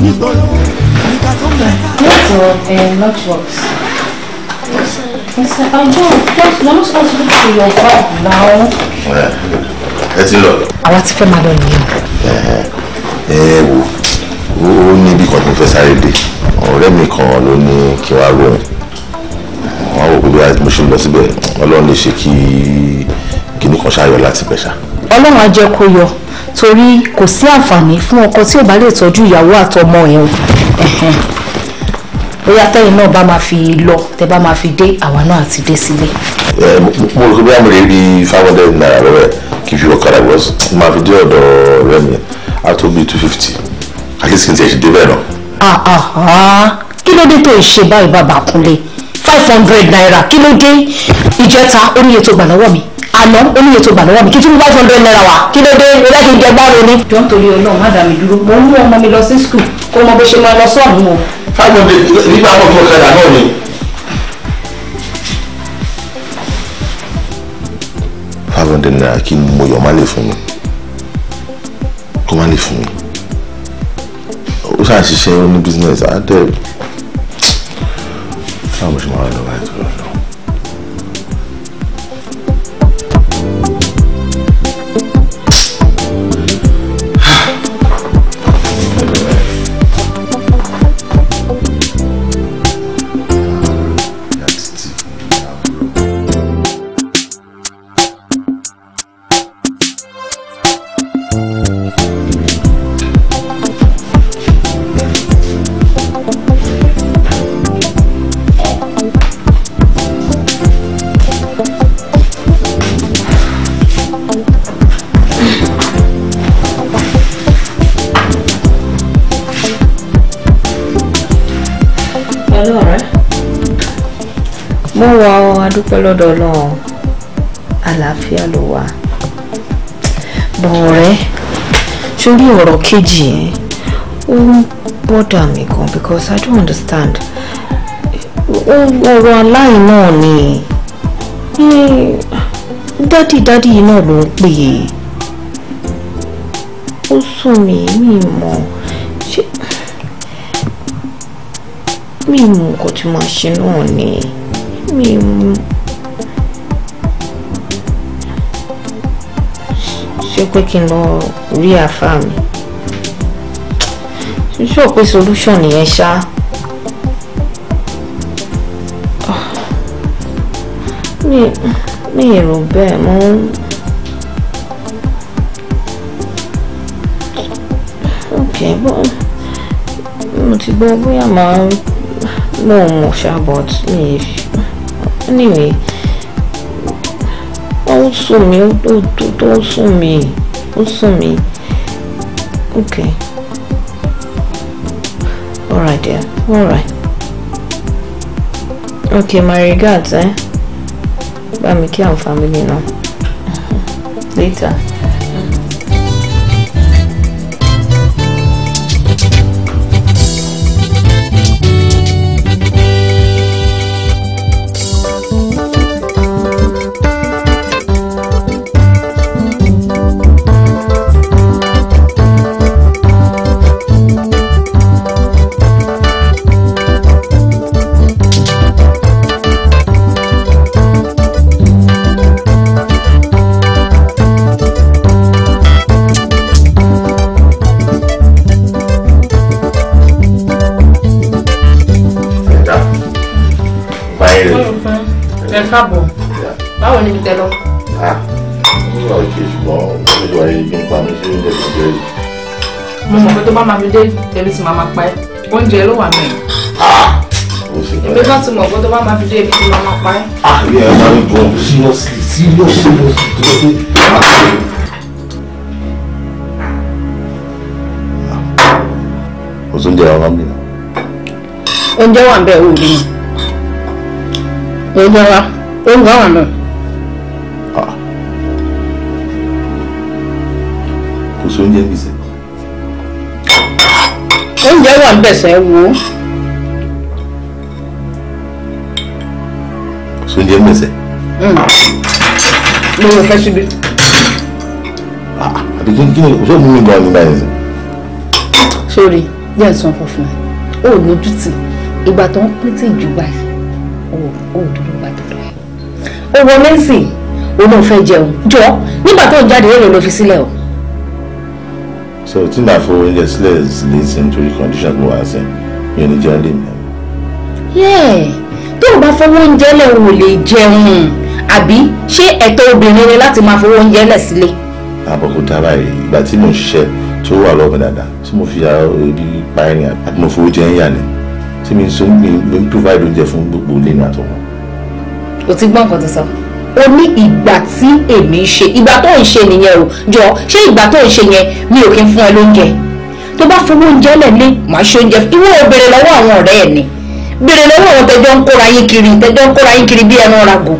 nígboro nígbà tó ń bẹ̀ ká. just let us also look your bag now. Ẹ ti lọ. Àwa ti fẹ́ máa lọ nìyẹn. Ẹ ẹ wo, ó ní ibi kan tó fẹ́ sáré dé. Ọ̀rẹ́ mi kan ló ní kí wá rohùn. Wọ́n á wò pé bí mo ṣe lọ síbẹ̀, Ọlọ́run lè ṣe kí kinní kan ṣáyọ láti bẹ̀ ọlọ́run á jẹ́ kó yọ torí kò sí àǹfààní fún ọkọ tí ò bá lè tọ́jú ìyàwó àtọmọ ẹ̀ o bóyá tẹ́yìn náà bá máa fi lọ tẹ́ bá máa fi dé àwa náà àti dé sílé. ẹ mo rò bí àmì rí five hundred naira lọ́wọ́ kì í fi ọ̀kadà bọ̀ máa fi dé ọ̀dọ̀ rẹ̀ mi á bíi two fifty àti sì ń tiẹ̀ ṣe dé bẹ́ẹ̀ náà. Ah, ah, ah. kí ló dé tó ń ṣe báyìí bàbá Kúnlé five hundred naira kí ló dé ìjẹta oníye tó gbà lọ́wọ́ mi àná ó ní ètò ìgbàlọ́wọ́ mi kí tí mo bá fún ọdún náírà wá kí ló dé ẹlẹ́kìn jẹ gbáre ni. jọ nítorí Ọlọ́run má dà mí dúró mo ń mú ọmọ mi lọ sí skul kó mọ bó ṣe máa lọ sọ́ọ̀nù o. fáwọn nígbà wọn fún ọ̀kadà náà ni. five hundred naira kí mo yọ má lè fún mi kó má lè fún mi ó ṣàṣìṣe ó ní business á dẹ̀ báwo ṣe máa wà lọ́wọ́ àìtọ́ lọ́dọ̀ ọlọ́run àlàáfíà ló wà bọ̀ ọ̀rẹ́ ọ̀rọ̀ kejì yẹn ó ń bọ́dà mi gan because I don't understand ọ̀rọ̀ aláìn náà ni dádì dádì náà ló ń pè é ó sùn mí mi mọ̀ ṣé mi mọ̀ nǹkan tí màá ṣe náà ni mi mọ̀. ṣe pé kí n lọ rí àáfàá mi ṣíṣọ́ pé solution nìyẹn ṣá. mi mi èrò bẹ́ẹ̀ mo ń. okay bó mo ti gbọ́ bóyá màá but mi anyway ó ń sùn mí ó tó ń Also me. mí okay alright dear alright okay my regards eh bá mi kí àwọn family now. later. àárọ̀ ni mi tẹ lọ. ó ah, wà ṣe ṣùgbọ́n ó lè wà yìí nípa mi ṣe oúnjẹ tó jẹ yìí. mo mọ̀ pé tó bá máa fi dé tẹ̀mí sì máa máa pa ẹ́ oúnjẹ ló wà mẹ́rin. Ah! ìgbé náà ti mọ̀ pé tó bá máa fi dé ibi tí máa máa pa ẹ́. àyè ah, ẹ̀ máa ń bọ̀ seriously seriously tó bá dé. kò tún jẹ ọ̀rọ̀ mi. oúnjẹ wà ń bẹ òòlù mi oúnjẹ wa oúnjẹ wà náà. sọ oúnjẹ gbèsè. oúnjẹ wà ń bẹ̀sẹ̀ wo. sọ oúnjẹ ń bẹ̀sẹ̀. Hmm. mo rò fẹ́ síbi. Ah, àbí kí ni kò sóò mú mi gan-an nígbà yẹn. sórí yẹn sọ fún fún ẹ ó lójú tì ìgbà tó ń pín tì jù báyìí ó dúró bá dúró ẹ. ó wọlé sí i ó lóun fẹ́ jẹun jọ nígbà tó ń jáde èrò ló fi sílẹ̀ o so tí màá fowó oúnjẹ sílẹ̀ sílẹ̀ sí nítorí condition tó wà sẹ́ mi ò ní jẹun lè mi. tó o bá fowó oúnjẹ lẹ̀ wò lè jẹun àbí ṣé ẹ̀tọ́ obìnrin ni láti máa fowó oúnjẹ lẹ̀ sílẹ̀. àbọ̀kù dára yìí ìgbà tí mò ń ṣiṣẹ́ tó wà lọ́wọ́ dáadáa tí mo fi ibi pa ẹ̀rìn àti mo fowó jẹ ń yà ni tí mi ń provide oúnjẹ fún gbogbo ilé ní àtọ̀wọ́. o ti gbọ́ nǹkan tó sọ o ní ìgbà tí èmi ń ṣe ìgbà tó ń ṣe nìyẹn o jọ ṣé ìgbà tó ń ṣe yẹn mi ò kí ń fún ẹ lóúnjẹ tó bá fowó oúnjẹ lẹ̀ ní màá ṣe oúnjẹ ìwọ o béèrè lọ́wọ́ àwọn ọ̀rẹ́ ẹ̀ ni béèrè lọ́wọ́ àwọn tẹjọ́ ń kóra yín kiri tẹjọ́ ń kóra yín kiri bí ẹran rago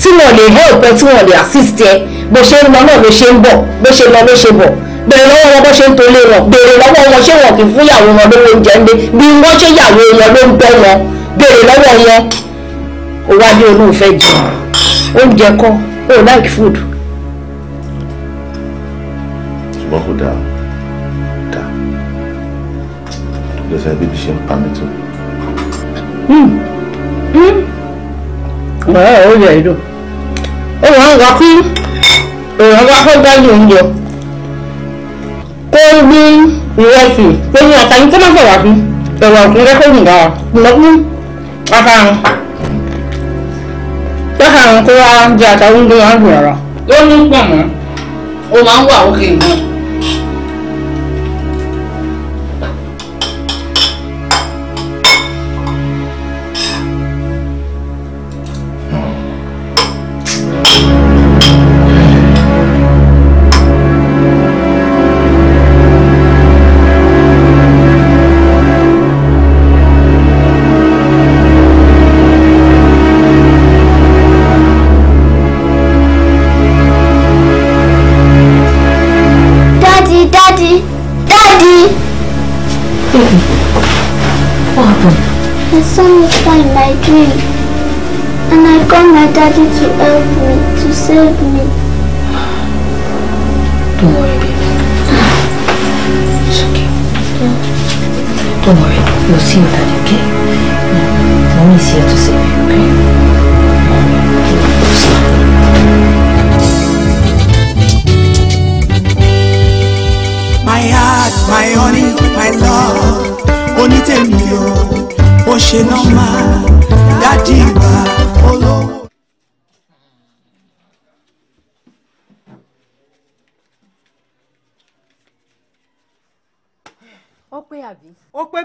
tí wọn lè help ẹ tí wọn lè assist ẹ bó ṣe ń lọ náà ló ṣe ń bọ̀ bó ṣe lọ ló ṣe bọ̀ béèrè lọ́wọ́ wọn bó ṣe ń tolé wọn béèrè lọ́wọ́ wọn ṣé wọn kì í fún ìyàwó wọn lówó oúnjẹ ńlé bí wọ́n ṣe ìyàwó wọn ló ń bẹ́ wọn béèrè lọ́wọ́ wọn ó wá ní oúnjẹ kọ́ o like food. ṣùgbọ́n kò dáa dáa ló fẹ́ bíbí ṣe ń pa mi tó. Hmm. Hmm. ọ̀rẹ́ ẹ̀ ó yẹ ìdùn ó wọ́n ń wakú èèyàn bá fẹ́ gbájú oúnjẹ kó ní ìrẹsì lóyún àtàyìn tó má fẹ́ wà fún ẹ̀wà òkú rẹ́kọ̀dù dára lọ́kùn afárun tó hàn kó wá ń jẹ àtàwọn oúnjẹ wọn gbìyànjú ó ní pọ̀ mọ́ ó máa ń wà òkè náà.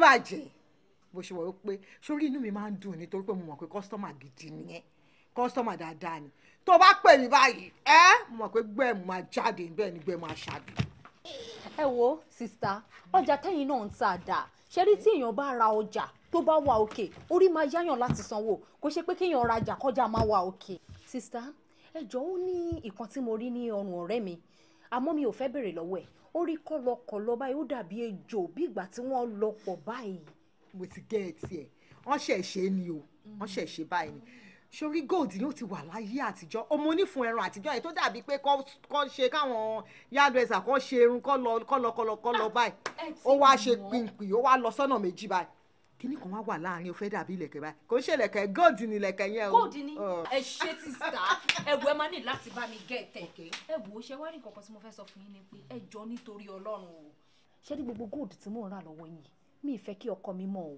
bàjẹ́ bó ṣe wọ̀ ó pé sórí inú mi máa ń dùn nítorí pé mo mọ̀ pé kọ́sítọ́mà gidi nìyẹn kọ́sítọ́mà dáadáa ni tó bá pè mí báyìí ẹ mo mọ̀ pé gbẹ̀mú máa jáde bẹ́ẹ̀ ni gbẹ̀mú aṣáájú. ẹ wo sista ọjà tẹ̀yin náà ń tà dáa ṣe rí tí èèyàn bá ra ọjà tó bá wà òkè orí máa yáyàn láti sanwó kò ṣe pé kéèyàn rajà kọjá máa wà òkè. sista ẹ jọ̀ọ́ ó ní ìkan tí mo rí ní ọrùn ọ̀rẹ́ mi àmọ́ mi ò fẹ́ bèrè lọ́wọ́ ẹ̀ ó rí kọlọkọlọ báyìí ó dàbí ejò bí ìgbà tí wọ́n lọ pọ̀ báyìí. mo ti gẹ́ ẹ tiẹ̀ wọ́n ṣẹ̀ ṣe ni o wọ́n ṣẹ̀ ṣe báyìí ni sori gold yóò ti wà láyé àtijọ́ ọmọ onífun ẹran àtijọ́ yẹn tó dàbí pé kọ́ ṣe káwọn yálùẹ̀sà kọ́ ṣe irun kọ́ lọ kọ́ lọ kọ́ lọ ah, báyìí ó wá ṣe pinpin ó wá lọ sọ́nà méjì báyìí kíní kan wá wà láàrin o fẹ́ dàbí ilẹ̀kẹ̀ báyìí kò ń ṣe ilẹ̀kẹ̀ gold ni ilẹ̀kẹ̀ yẹn o. gold ni ẹ ṣe ti sà ẹwù ẹ máa ní láti bá mi gẹ̀ tẹ̀ ẹ wò ó ṣe wá rí nǹkan tí mo fẹ́ sọ fún yín ni pé ẹ jọ nítorí ọlọ́run o. ṣé ní gbogbo gold tí mò ń rà lọ́wọ́ yìí mi ì fẹ́ kí ọkọ mi mọ̀ o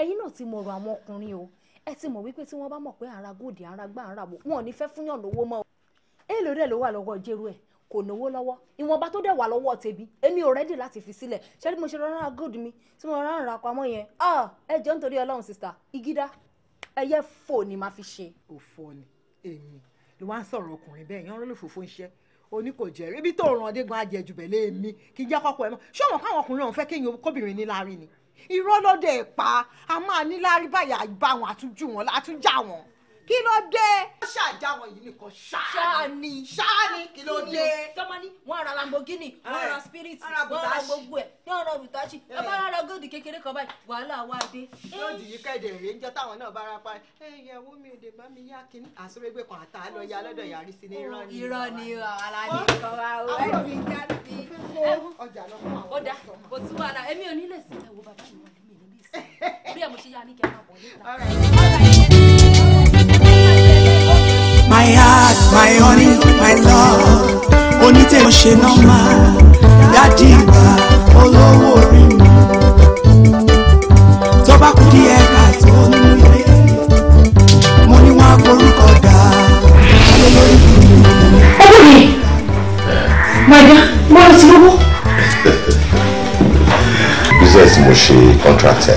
ẹ̀yin náà ti mọ̀rọ̀ àwọn ọkùnrin o ẹ ti mọ̀ wípé tí wọ́n bá mọ̀ pé ara gold ara gbá ara wò wọn ò ní kò náwó lọ́wọ́ ìwọ̀nba tó dẹ̀ wà lọ́wọ́ tèmi èmi ò rẹ́dì láti fi sílẹ̀ ṣé bí mo ṣe rọra gold mi tí mo rọra ra pamọ́ yẹn ah, ẹ jẹ́ nítorí ọlọ́run sista igida ẹyẹ fò ni màá fi ṣe. òfò ni èmi ló wá ń sọ̀rọ̀ ọkùnrin bẹ́ẹ̀ yẹn rọ́lẹ́ fòfó ń ṣẹ́ oní kò jẹ́ rí ibi tó ràn dé gan ajẹ́ jùbẹ̀ lé mi kí jẹ́ kọ́kọ́ ẹ̀ mọ́ ṣé ọ̀mọ̀ káwọn ni irọ́ lọ́dẹ̀ pa a máa ní láàrin báyà bá wọn àtúnjú wọn kí ló dé. ó ṣàjáwọ̀ yìí nìkan ṣáàní ṣáàní kí ló dé. tọ́mọ́ni wọ́n ra Lamborghini wọ́n ra eh, spirit wọ́n ra gbogbo ẹ̀ wọ́n ra bùtáṣì eh. ẹ bá ra góòdì kékeré kan báyìí wàhálà wá dé. lóòdì yìí kẹ́dẹ̀ rèé ń jẹ́ táwọn náà bá ra pa ẹ eh, ìyàwó mi ò lè bá mi yá kínní. àsọ̀rẹ́gbẹ́ kan àtà lọ ya lọ́dọ̀ yàrá sí ní irọ́ ni. irọ́ ni wàhálà ni kọ́ wa o ẹ ti já sí. ọjà lọ fún àwọn ọmọ kò sí wàhálà èmi ò ní lè sí ẹ̀wọ̀ bàbá mi wọlé mi ní bí sí. bí ẹ̀ mo ṣe yá ní kẹ́ máa bọ̀ níta heart my honey my love only ṣe nọ́mà dádì wa olówó orí mi tó bá kú díẹ̀ káàtó nínú ilé mo ní wọn akorúkọ dà lé lórí mi. ọkọ mi màdá mo is sí lọ́wọ́. business mo ṣe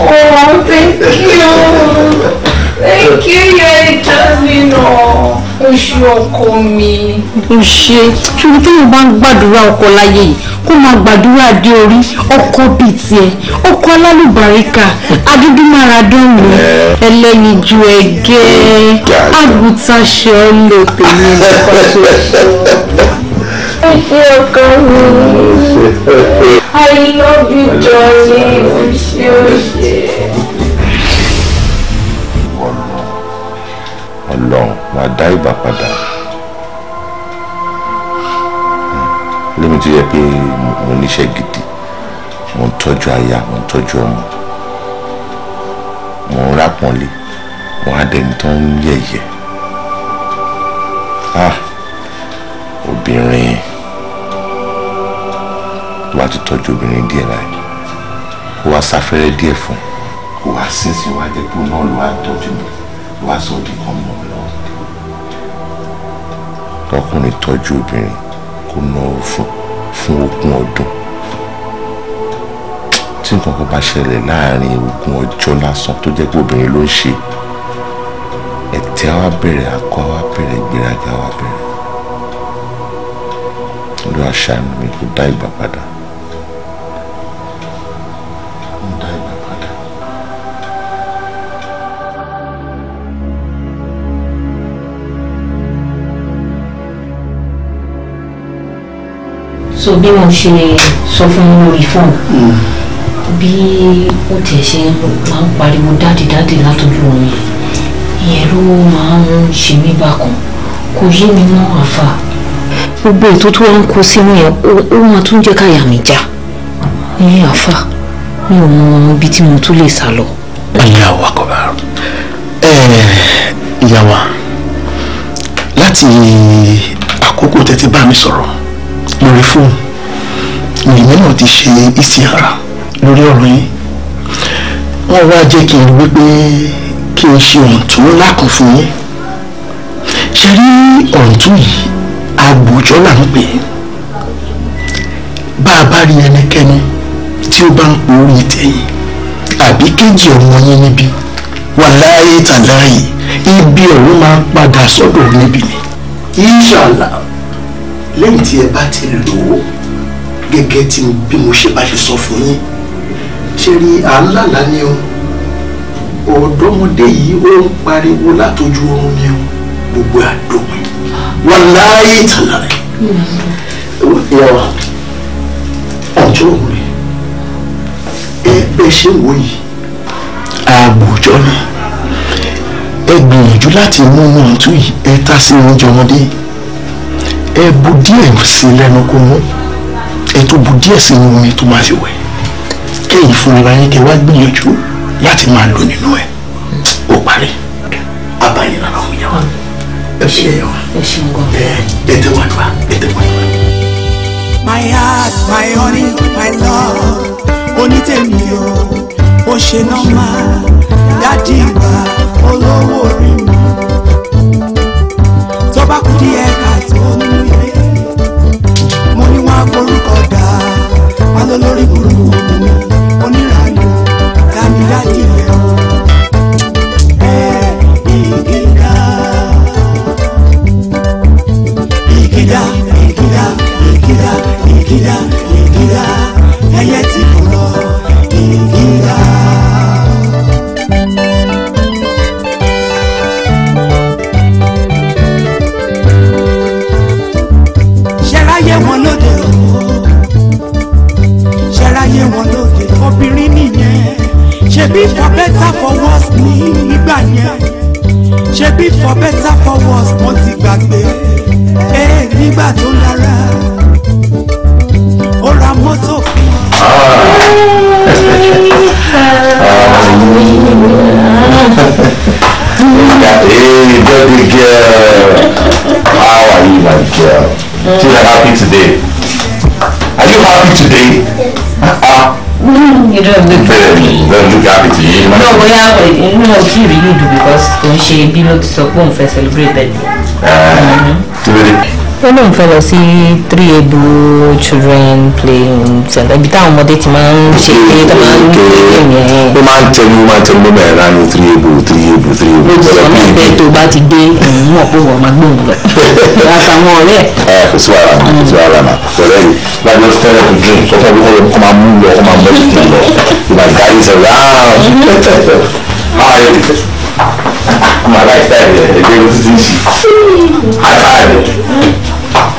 Oh, thank you. Thank you, you're a darling. O ṣe ọkọ mi. O ṣe ṣùgbọ́n tí mo bá ń gbàdúrà ọkọ láyé yìí kó máa gbàdúrà dé orí ọkọ bíi tiẹ̀ ọkọ alálùbáríkà adúdúmáradọ́nù ẹlẹ́yinjú ẹgẹ́ àgùntàn ṣe ọ́ lè pè ní ìdíkọ́ ṣoṣo. Thank you, Kami. I love you, Johnny. Wish you Ọlọ́run wà dá ìgbà padà lẹ́mi tó yẹ pé mo níṣẹ́ gidi mo ń tọ́jú aya mo ń tọ́jú ọmọ mo ń rápọ̀nlé mo á dẹni tó ń yẹ̀yẹ̀ ah wá ti tọ́jú obìnrin díẹ̀ báyìí kó wá sáfẹ́rẹ́ díẹ̀ fún kó wá sínsìn wá jẹ́ pé náà ló wá tọ́jú mi ló wá sọ di kan mọ́ lọ. ọkùnrin tọ́jú obìnrin kó ná o fún fún ogún ọdún tí nǹkan kan bá ṣẹlẹ̀ láàrin ogún ọjọ́ lásán tó jẹ́ pé obìnrin ló ń ṣe ẹ̀tẹ́ wa bẹ̀rẹ̀ akọ wa bẹ̀rẹ̀ ìgbéraga wa bẹ̀rẹ̀ olúwa ṣàánú mi kó dá ìgbà padà. bí mo ṣe sọ fún yín lórí fóònù hmm. bí ó tiẹ̀ ṣe máa ń pariwo dáàdìdáàdì látọjú omi ìyẹn ló máa ń ṣe mí bákan kò yé mi mọ́ àfà. gbogbo ètò tó ń kó sínú yẹn ó máa tún jẹ́ káyà mi já ní àfà mi ò mọ ibi tí mo tún lè sá lọ. aláwọ̀ àkọ́bá ìyá láti àkókò tẹ́tí bá mi sọ̀rọ̀ lórí fóònù lèmi náà ti ṣe ìsìnra lórí ọ̀rọ̀ yín wọ́n wá jẹ́ kí n rí wípé kí n ṣe ọ̀ǹtún ńlá kan fún yín ṣe rí ọ̀ǹtún yìí agbòjọ́ là ń pè é bá a bá rí ẹnikẹ́ni tí ó bá ń po orí tẹ̀yìn àbí kéjì ọmọ yín níbi wà láàyè tàláyè ibi ọ̀run máa ń padà sọ́dọ̀ níbi ni. inshallah lẹ́yìn tí ẹ bá ti lò ó gẹ́gẹ́ tí bí mo ṣe bá ṣe sọ fún yín ṣe rí àńlàlà ni o ọ̀dọ́mọdé yìí ó ń pariwo látọjú oorun ni o gbogbo àdópin wọn láàyè ìtàlá rẹ ìyàwó ọjọ́ òwúrẹ́ ẹ bẹ́ ṣe wò yìí àgbòjọ́ ni ẹ gbìyànjú láti mú mọ́ọ̀tún yìí ẹ ta sí oúnjẹ ọmọdé ẹ bu díẹ̀ sí lẹ́nu kó mú ẹ tó díẹ̀ sínú omi tó máa fi wẹ̀ kéyìn fúnra yín kẹ wá gbìyànjú láti máa lò nínú ẹ̀ ó parí. abayín lára òun wá ẹ ṣe ẹ ẹ tẹ wá dùn wá ẹ tẹ wá dùn wá. my heart my honey my love onítèmi o ó ṣe nọ́mà dádì ìgbà olówó rí mi tó bá kú díẹ̀ ká tó ní. ṣẹ́ráyé wọn lóde ṣẹ́ráyé wọn lóde obìnrin nìyẹn ṣebí for better for worse ní nígbà yẹn ṣebí for better for worse mo ti gbàgbé ẹ nígbà tó lára ó ra mọ́tò fún Hey, baby girl, how are you, my girl? If you are happy today. Are you happy today? Yes. Uh, mm, you don't look happy. You don't look happy to you. No, we are inú òkè ìrírí dùn because òun ṣe bí ló ti sọ pé òun fẹ́ celebrate birthday. Kí ló dé? ó lóun fẹ́ lọ three able children playing center ibi táwọn ọmọdé ti máa ń ṣe é tó máa ń gbé èmi ẹ̀. ó máa ń tẹnu máa ń tẹnu bó bẹ̀rẹ̀ náà ní three ebu three ebu three ebu. lójú ọ̀nà ìfẹ́ tó bá ti dé ẹ̀yìn mọ̀ pé wọ́n máa gbóhùn rẹ̀ àtàwọn ọ̀rẹ́ ẹ̀. ẹ kò sí wàhálà kò sí wàhálà náà ọ̀rẹ́ mi láti lọ fẹ́rẹ̀ kò dín kó fẹ́ kó máa mú lọ kó máa mọ́ tuntun lọ ìgbà gáyé sọ My life time, yeah, they go to the sea. I tired.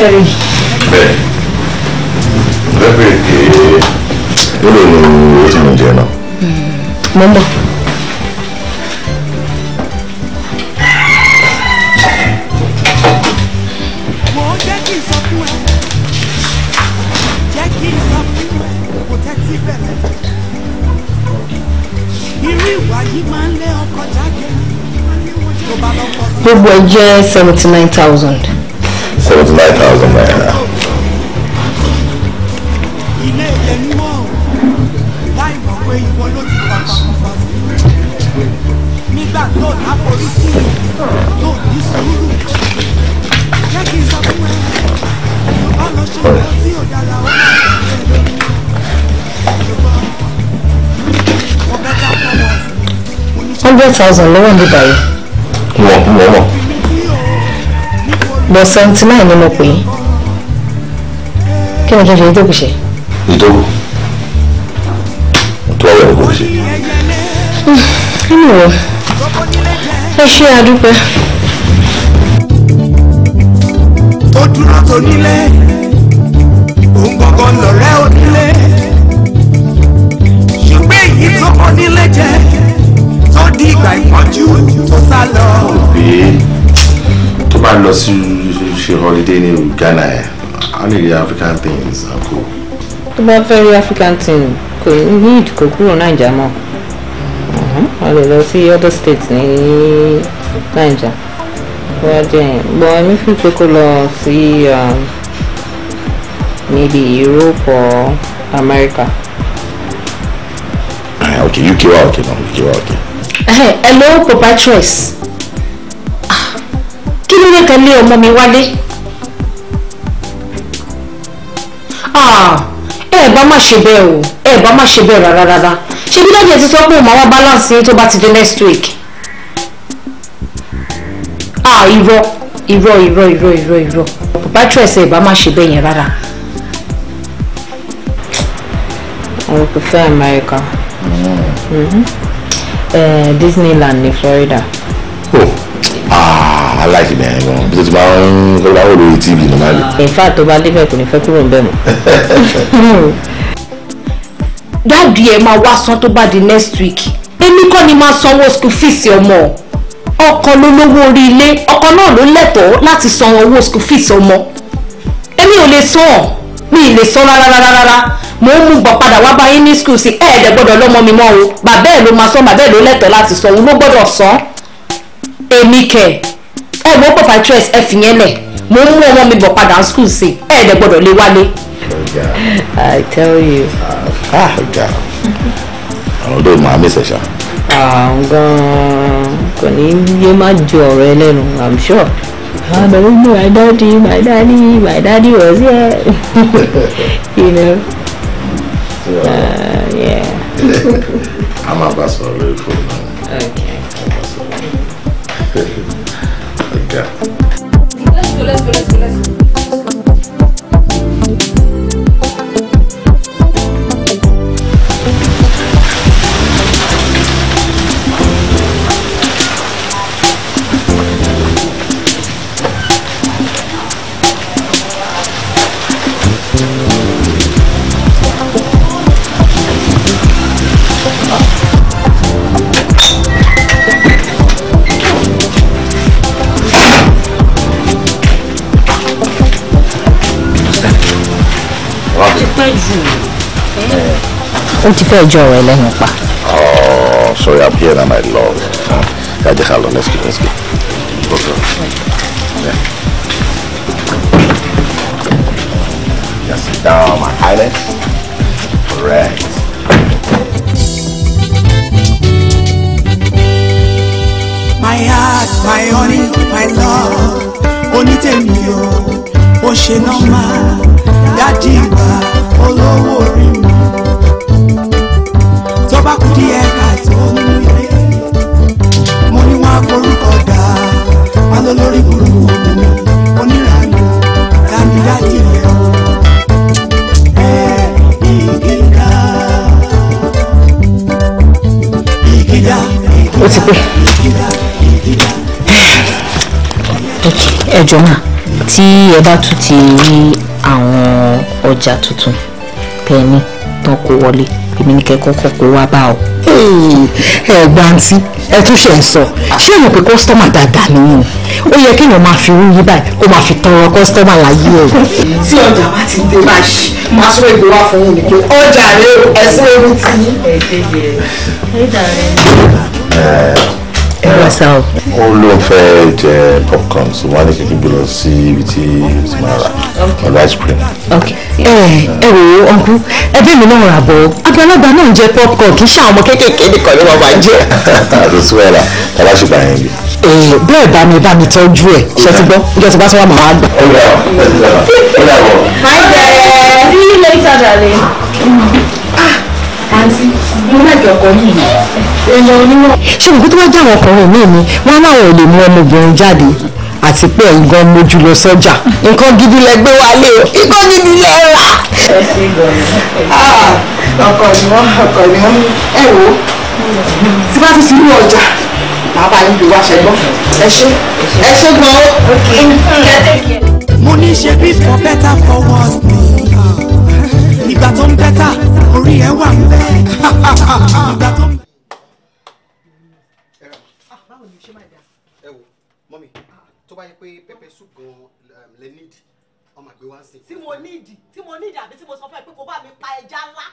sẹ́yìn. bẹ́ẹ̀ lẹ́bìrì pé eh, ó lè lo owó tí mo jẹ náà. Hmm, mo mọ̀. gbogbo ẹ jẹ́ seventy nine thousand seventy-nine thousand naira. ilé hundred thousand lọ́wọ́ mi báyìí. wọ́n wọ́n wọ́n bọ̀ seventy nine ni mo pè é kí ni kí n ṣe ìdókù ṣe. ìdókù tó ọ̀rọ̀ ẹ̀ ṣe. nínú ẹ ṣe àdúpẹ́. ó dúró tó nílé òun gangan lọ̀rẹ́ onílé ṣùgbọ́n èyí tó kọ́ nílé jẹ́ tó di ìgbà ìpọ́njú tó sá lọ bá lọ sí ṣe holiday ní Ghana ẹ̀ á lè rí African things àpò. tó bá fẹ́ rí African things kò ní ìdìkò kúrò Naija mọ́ a lè lọ sí other states ní Naija wọ́n jẹ́ bọ́ ẹni fi pé kó lọ sí um, maybe Europe or America. Ah, ok UK wa ok na UK wa ok. hello papa choice kí ló lè tẹ̀lé ọmọ mi wálé ah, ẹ bá má ṣe bẹ́ẹ̀ o ẹ bá má ṣe bẹ́ẹ̀ rárá rárá ṣe bí dájú ẹ ti sọ pé òun balance yín tó bá ti dé next week ah, irọ́ irọ́ irọ́ irọ́ irọ́ irọ́ bàtú ẹsẹ̀ ìbá má ṣe bẹ́ẹ̀ yẹn rárá. I prefer America. Mm. Mm -hmm. uh, Disneyland ní Florida máa láìsí bẹ̀rẹ̀ gan bí tó ti máa ń kọ́ bá wò tv ló máa lè. in fact tó bá débẹ̀ kò ní fẹ́ kúrò níbẹ̀ mọ́. dáàdi ẹ máa wá san tó bá di next week èmi kọ́ ni máa sanwó school fees ọmọ ọkọ ló lówó orí ilé ọkọ náà ló lẹ́tọ̀ọ́ láti san owó school fees ọmọ èmi ò lè san ọ́ mi ì lè san rárá rárá rárá mo ń mú gbọ́ padà wá bá yín ní school sí ẹ̀ẹ́dẹ̀ gbọ́dọ̀ lọ́mọ mi mọ́ o bàbá ẹ̀ ló máa san bàbá ẹ̀ ló lẹ́tọ̀ọ́ láti san òun ló gbọ́dọ̀ san èmi kẹ̀ ẹ mọ bọ̀ patriots ẹ fìyẹn lẹ̀ mo mú ọmọ mi bọ̀ padà school sí ẹ ẹ̀ dẹ̀ gbọ́dọ̀ lé wálé. I tell you. ah ọ̀gá àwọn ọdọ màá mi ṣẹ̀ṣà. àwọn gan-an kò ní yé má ju ọ̀rọ̀ ẹ lẹ́nu I'm sure. I'm a woman, my daddy, my daddy, my daddy was here. you know. Well, uh, yeah. I'm about to leave for now. Okay. Спасибо. pẹ́ jù. ó ti fẹ́ jọ ọ̀rọ̀ ẹlẹ́yin pa. Oh, sorry, I'm here now, my love. Yeah, just hold on. Let's go, let's go. Go, go. my heart, my honey, my love. Only tell me, oh, oh, she no ma, daddy, ma olówó orí mi tó bá kú díẹ̀ káàtó nínú ilé mo ní wọn aforúkọ dá a lọ lórí burúkú obìnrin onírànú dámidájì rẹ o. ó ti pẹ́ ẹjọ́ máa tí ẹ bá tún ti rí àwọn ọjà tuntun tẹ ẹ ní tán kó wọlé èmi ní kẹ́kọ̀ọ́ kọ̀ kó wá bá ọ. ẹ gba àǹtí ẹ tún ṣe ń sọ ṣé èèyàn pé kọ́sítọ́mà dáadáa nìyẹn ó yẹ kí èèyàn máa fi irú yí báyìí kó máa fi tọrọ kọ́sítọ́mà láyé ẹ̀. tí ọjà bá ti dé máa ṣe máa sọ ègbò wá fún un pé ọjà rẹ ẹsẹ ewu ti. ẹ ẹ ẹ ẹ dàrẹ ó ló ń fẹ́ jẹ popcorn so wọ́n á ní kékeré lọ sí ibi tí ibi tí máa rà pẹ̀lú ice cream. ẹ ẹ wò ó ọkú ẹbí mi náà rà bọ̀ àgbàlagbà náà ń jẹ popcorn kì í ṣe àwọn ọmọ kéékèèké nìkan ni wọ́n máa jẹ. àtúntò ẹ̀ la tàbá ṣùgbọ́n àyẹ̀ yìí. ee bẹ́ẹ̀ bá mi bá mi tọ́jú ẹ̀ ṣe ti gbọ́ ìjọ ti bá sọ wà máa gbà. ó yà ó yà bọ̀. hi there see you later darling. ah aunty mo like your colleague èèyàn oníwà. ṣé nǹkan tó bá jẹ́ àwọn ọkùnrin míì ni wọ́n láwọn ò lè mú ọmọbìnrin jáde àti pé nǹkan mojú lọ sọ́jà nǹkan gidi lẹ gbé wálé o nǹkan gidi lẹ rà. Ah, ọkọ ni wọn ọkọ ni wọn ẹ wo tí bá ti fi ọjà màá bá yín wá ṣẹgbọn ẹ ṣe ẹ ṣe gan o. mo ní ṣe bí for better for worse ni ìgbà tó ń bẹ́tà orí ẹ̀ wà pé pepper soup gan lẹ need ọmọ àgbẹ̀ wá sí. tí mo need tí mo need àbí tí mo sọ fún ẹ pé kó bá mi pa ẹja ńlá.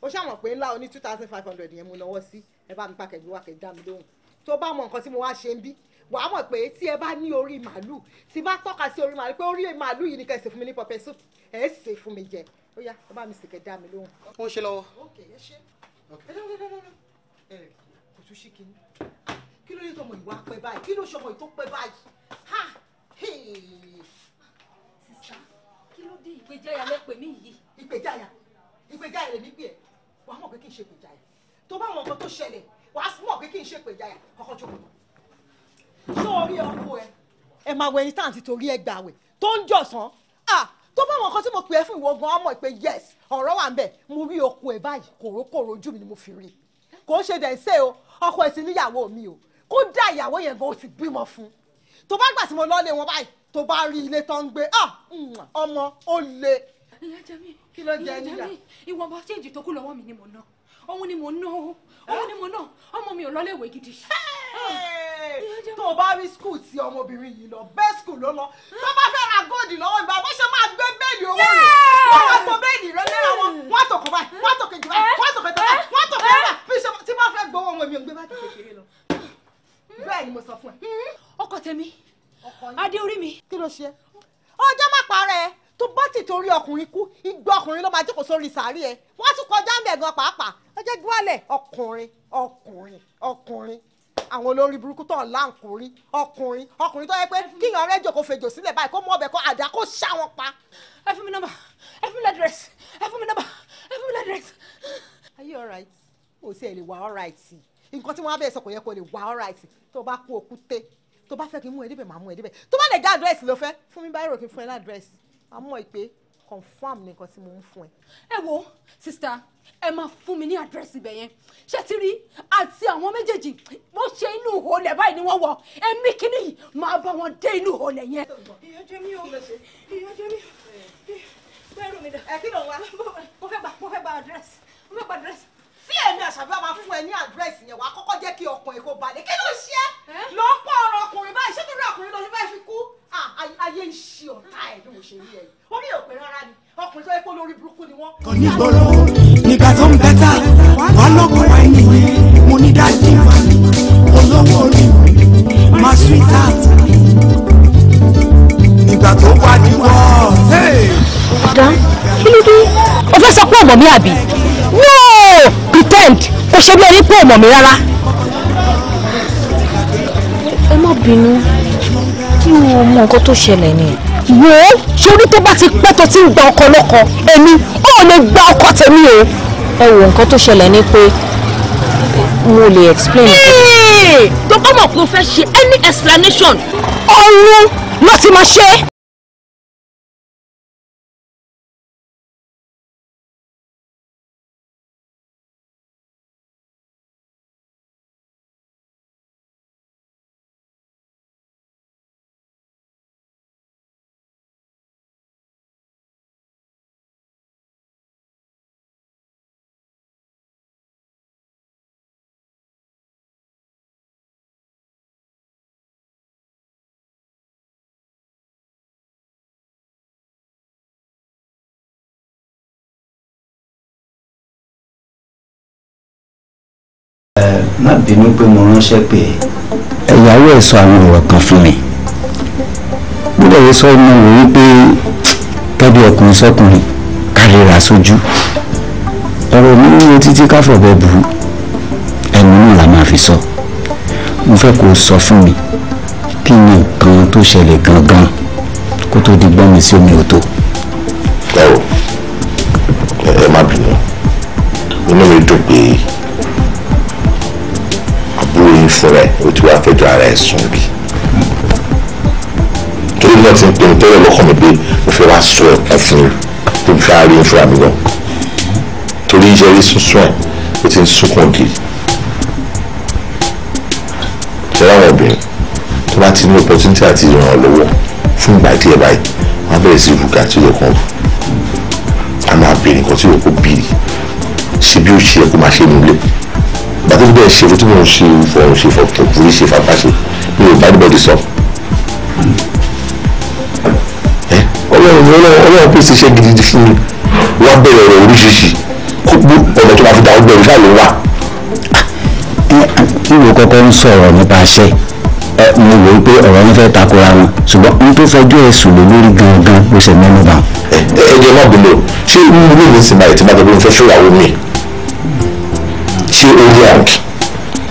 o ṣàmọ̀ pé ńlá o ní two thousand five hundred yẹn mo náwó sí ẹ bá mi pàkẹ́jì wá kẹ́ dá mi lóhùn tó bá mọ nǹkan tí mo wá ṣe ń bí wàá mọ̀ pé tí ẹ bá ní orí màálù tí bá tọ́ka sí orí màálù pé orí màálù yìí ni kẹ́ ẹ ṣe fún mi ní pepper soup ẹ ẹ ṣe fún mi jẹ ó yá ẹ bá mi sì kẹ́ dá mi lóhùn. ó ń ṣe lọ́wọ́. ok ẹ ṣe ẹ lọ́wọ́ lọ́wọ́ lọ́wọ́ ẹ kò tún ṣí kinní kí ló yẹ tọmọ ìwà pẹ́ báyìí kí ló ṣọmọ ìtó pẹ́ báyìí sísá kí ló dé ìpèjáyà lẹ́pẹ̀ mí yìí. ìpèjáyà ìpèjáyà lèmi pè ẹ́ wàá mọ̀ pé kí n ṣe ìpèjáyà tó bá wọn nǹkan tó ṣẹlẹ̀ wàá mọ̀ pé kí n ṣe ìpèjáyà kọ́kọ́ jókòó náà ṣé orí ọkọ ẹ. ẹ máa wẹ ẹni tá à torí ẹ gbà tó ń jọ̀sán tó bá wọn nǹkan tí mo pè é fún ìwọ ọmọ ìpè yes ọ̀rọ̀ wà ń bẹ̀ mo rí oko ẹ̀ báyìí kòrókòrò ojú mi ni mo fi rí kò ń ṣe dẹ̀ ń sè o ọkọ ẹ̀ sì níyàwó mi o kó dá ìyàwó yẹn gan ó ti bímọ fún un tó bá gbà tí mo lọ́lé wọn báyìí tó bá rí ilé tó ń gbé ọmọ ó le. ìyá jẹ mí kí ló jẹ níyà ìwọ̀n bá ṣéǹjì tó kù lọ́wọ́ mi ni mo ná òun ni mo ná o òun ni mo ná ọmọ mi ò lọ́lé ìwé gidi. tó o bá rí skul tí ọmọbìnrin yìí lọ bẹ́ẹ̀ skul ló lọ tó bá fẹ́ ra góòdì lọ́wọ́ ìgbà bó ṣe máa gbé bẹ́ẹ̀lì owó rẹ̀ wọ́n wá tó bẹ́ẹ̀lì rẹ̀ lẹ́ra wọn wọ́n tó kọ̀ báyìí wọ́n tó eh? kejì báyìí wọ́n tó kẹta báyìí wọ́n tó kẹta báyìí bí ṣe tí wọ́n fẹ́ gbowó ọmọ mi ò gbé bá ti kékeré lọ hmm. bẹ́ẹ̀ ni mo sọ fún ẹ hmm ọkọ tèmi adé orí mi. kí ló ṣe. ọjọ́ má parẹ́ tó bá ti torí ọkùnrin kú igbó ọkùnrin ló máa jókòó sórí sàárì ẹ wọ́n tún kọjá ń bẹ̀ gan pàápàá ẹ jẹ́ dúwálẹ̀ ọkùnrin ọkùnrin ọkùnrin àwọn olórí burúkú tó ń láǹkórí ọkùnrin ọkùnrin tó yẹ pé kíyàn rẹ jòkó fèjò sílẹ̀ báyìí kó mú ọbẹ̀ kó àdá kó ṣá wọn pa. ẹ fún mi nọ́mbà ẹ fún mi lẹdírẹsì ẹ fún mi nọ́mbà ẹ fún mi lẹdírẹsì. are you alright o sì lè wà alright nǹkan tí wọn á bẹ sọ kò yẹ kó lè wà alright tó bá kú òkú tó bá fẹ́ kí n mú ẹ débẹ̀ máa mú ẹ débẹ̀ tó bá lè dá àdírẹ́sì ló fẹ́ fún mi báyìí rò kí n fún ẹ ládírẹ́sì máa mú ẹ pé confam nìkan tí mo ń fún ẹ. ẹ wo sista ẹ máa fún mi ní àdírẹ́sì ibẹ̀ yẹn ṣé ti rí àti àwọn méjèèjì wọ́n ṣe inú ìhòòlẹ̀ báyìí ni wọ́n wọ̀ ẹ̀mí kìíní yìí máa bá wọn dé inú ìhòòlẹ̀ yẹn. ìyọjẹ mi ò ìyọjẹ mi ò bẹ́ẹ̀ rò mí dà. ẹ kí ló wá mo fẹ́ gba mo fẹ́ gba àdírẹ́sì mo fẹ́ gba àdírẹ́sì tí èmi àṣàbí máa fún ẹ ní àdírẹ́sì yẹn wàá kọ́kọ́ jẹ́ kí ọkùnrin kó balẹ̀ kí ló ṣe é lọ pọ̀ ọ̀rọ̀ ọkùnrin báyìí ṣètò rẹ̀ ọkùnrin lọ́dún báyìí fi kú ayé ń ṣe ọ̀tá ẹ̀ bí mo ṣe rí ẹ̀ orí òpè rárá ni ọkùnrin tó yẹ kó lórí burúkú ni wọ́n. kò ní gbòòrò nígbà tó ń bẹ́tà wà lọ́kùnrin wa ẹni mo ní dájú wa olówó orí ma sweet heart nígbà tó wá ní wọ́ọ̀. dán kí ló dé o fẹ́ sọ pé ọ̀gbọ̀n mi àbí pretend kò ṣe bí ẹni pé ò mi rárá. ẹ má bínú kí n mọ nǹkan tó ṣẹlẹ̀ ni. wò ó ṣorí tó bá ti pẹ́ tó ti ń gba ọkọ lọ́kọ èmi ò lè gba ọkọ tèmi o. ẹ wo nǹkan tó ṣẹlẹ̀ ni pé mo lè explain. tó bá mọ̀ pé o fẹ́ ṣe any explanation. ọ̀run ló ti máa ṣe má bínú pé mo ránṣẹ́ pé. ẹ̀yàwó ẹ̀ sọ àwọn ọ̀rọ̀ kan fún mi gbọ́dọ̀ yẹ sọ inú wò wípé kẹ́bí ọkùnrin sọkùnrin kárìíra sójú ọ̀rọ̀ mi ní títí káfọ̀bẹ́ burú ẹnu náà la máa fi sọ mo fẹ́ kó o sọ fún mi kí ni nǹkan tó ṣẹlẹ̀ gangan kó tó di gbọ́n mi sí omi òtó. ẹ o ẹ má bínú inú mi dùn pé fún o ti wá fẹjọ́ ara ẹ sùn bí torí náà ti ń pinnu tẹ́lẹ̀ lọ́kàn mi pé mo fẹ́ wá sọ ẹ̀kún fún mi tó fi àárín fúnra mi gan torí iṣẹ́ rí sunsun ẹ̀ ó ti ń sunkún kiri ṣẹlẹ àwọn obìnrin tó bá ti ní opportunity àti ìrànlọ́wọ́ lọ́wọ́ fún ìgbà díẹ̀ báyìí wọ́n bẹ̀rẹ̀ sí ìrùkà tó yẹ kàn fún a máa bèrè nǹkan tí yẹ kó bìrì ṣe bí ó ṣe yẹ kó máa ṣe nílé gbàtí bẹ́ẹ̀ ṣe fún tí mò ń ṣe ìfọ̀ ṣe fọ̀ kìí ṣe fàbáṣe mi ò bá anybody sọ. ọlọ́run ọlọ́run pèsè iṣẹ́ gidi fún mi wọ́n bẹ̀rẹ̀ ọ̀rọ̀ oríṣiríṣi kó gbó ọ̀nà tó máa fi dà ọgbẹ́ ìṣáà ló wà. ìwé kọ́kọ́ ń sọ̀rọ̀ nípa iṣẹ́ ẹ mo wò ó pé ọ̀rọ̀ yín fẹ́ takora wọn ṣùgbọ́n n tó fẹjọ́ ẹ̀sùn lé lórí gangan ló ṣe mẹ́nu bá. ẹ ẹ jẹ́ má bínú ṣé inú ilé mi sì máa ètí máa tọ́ pé mo fẹ́ fẹ́yàwó mi ṣé o wrong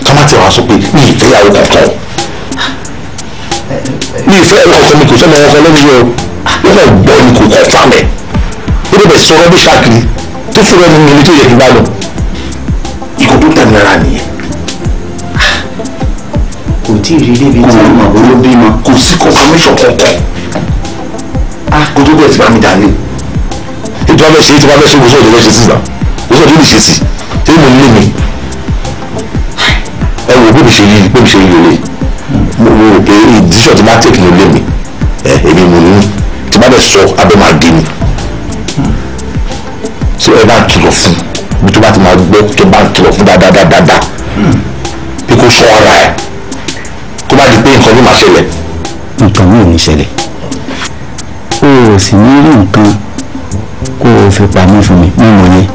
tọ́mátì wa sọ pé mi ìfẹ́yàwó kankan mi ìfẹ́yàwó kankan mi kò sẹ́ni ọkọ lẹ́nu yẹn o wọ́n kàn gbọ́ ni kò kàn fà mẹ́ ó dẹ̀ bẹ̀ sọ rọ́bìṣà kiri tó fúnra ẹni níbi tó yẹ kí n bá lọ ìkó tó tẹ̀ mẹ́ra nìyẹn kò tí ì rí débi tí mo mọ̀ bóyá bímọ kò sí confirmation kankan ah. kó tó bẹ̀rẹ̀ sí bá mi dání ètò abẹ́ṣe ètò abẹ́ṣe kò sọ̀rọ̀ ìdọ́gbẹ́ṣe sí ìgbà kò sọ̀rọ̀ ìdílé ṣe sí ṣé mo nílé mi ẹ wo bí mi ṣe yí bí mi ṣe yí lóore mo rò pé ìdíṣọ̀ tí bá tèkì ló lé mi ẹ èmi mo ní tí bá dẹ̀ sọ abẹ́ máa gé mi tí ẹ bá ń kìlọ̀ fún bí tó bá ti máa gbọ́ tó bá ń kìlọ̀ fún dáadáa bí kò sọ ara ẹ tó bá di pé nǹkan ní màá ṣẹlẹ̀. nǹkan mi ní ṣẹlẹ̀ o ò sì ní rí nǹkan kó o fi pamọ́ fún mi mímọ̀ yẹn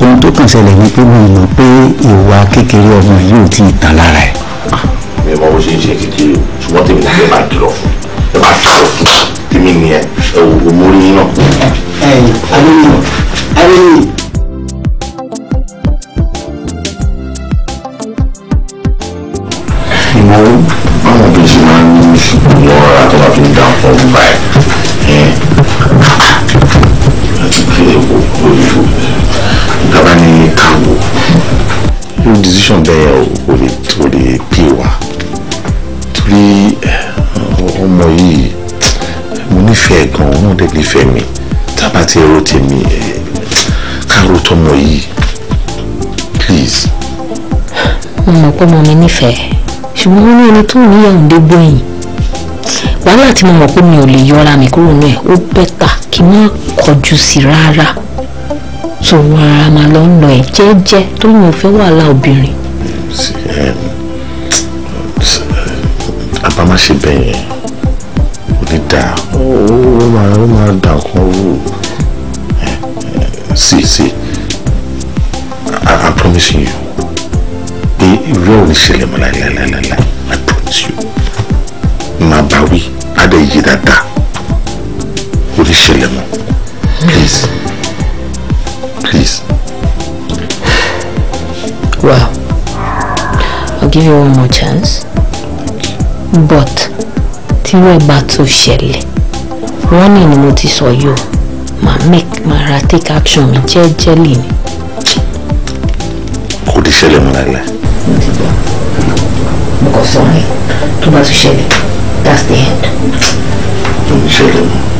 ohun tó kàn ṣẹlẹ̀ ni pé mo mọ̀ pé ìwà kékeré ọmọ yìí ò tí ì tán lára ẹ̀. Ah, mi ò mọ bó ṣe ń ṣe kékeré ṣùgbọ́n tèmi náà ẹ bá dúró fún ẹ bá dúró fún tèmi nìyẹn ẹ wò ó mórí náà. ẹ ẹ alẹ́ mi alẹ́ mi. decision bẹ́ẹ̀ ò lè ò lè pè wá torí eh, ọmọ yìí mo nífẹ̀ẹ́ gan-an náà dẹ̀ nífẹ̀ẹ́ mi tábà tí ẹ̀rọ tèmi eh, kárò tọmọ yìí please. mo mọ̀ pé ọmọ mi nífẹ̀ẹ́ ṣùgbọ́n mo ní ẹni tó ń yíyà òǹdé gbóyìn wàhálà tí mo mọ̀ pé mi ò lè yọra mi kúrò náà ó bẹ́tà kí n má kọjú sí rárá sòwò ara mà lọ ń lọ ẹ̀ jẹ́jẹ́ tó yàn fẹ́ wàhálà obìnrin. Eh, eh, àbámáṣe bẹ́ẹ̀ yẹn ò ní dáa ó máa ó máa dà kan rú eh, sí sí I, promise you pé irú ẹ̀ ò ní ṣẹlẹ̀ mọ́ láìláìláìláì I promise you màá bá wí adé yìí dáadáa ò ní ṣẹlẹ̀ mọ́. give you one more chance but tírú ẹ̀ bá tó ṣẹlẹ̀ running ni mo ti sọ yìí o màá make màá ra take action mi jẹ́jẹ́lì ni. kò lè ṣẹlẹ̀ mọ́ láìláì. mo ti gbọ́ mo kọ sọ tó bá tún ṣẹlẹ̀ that's the end. kò lè ṣẹlẹ̀ mọ́.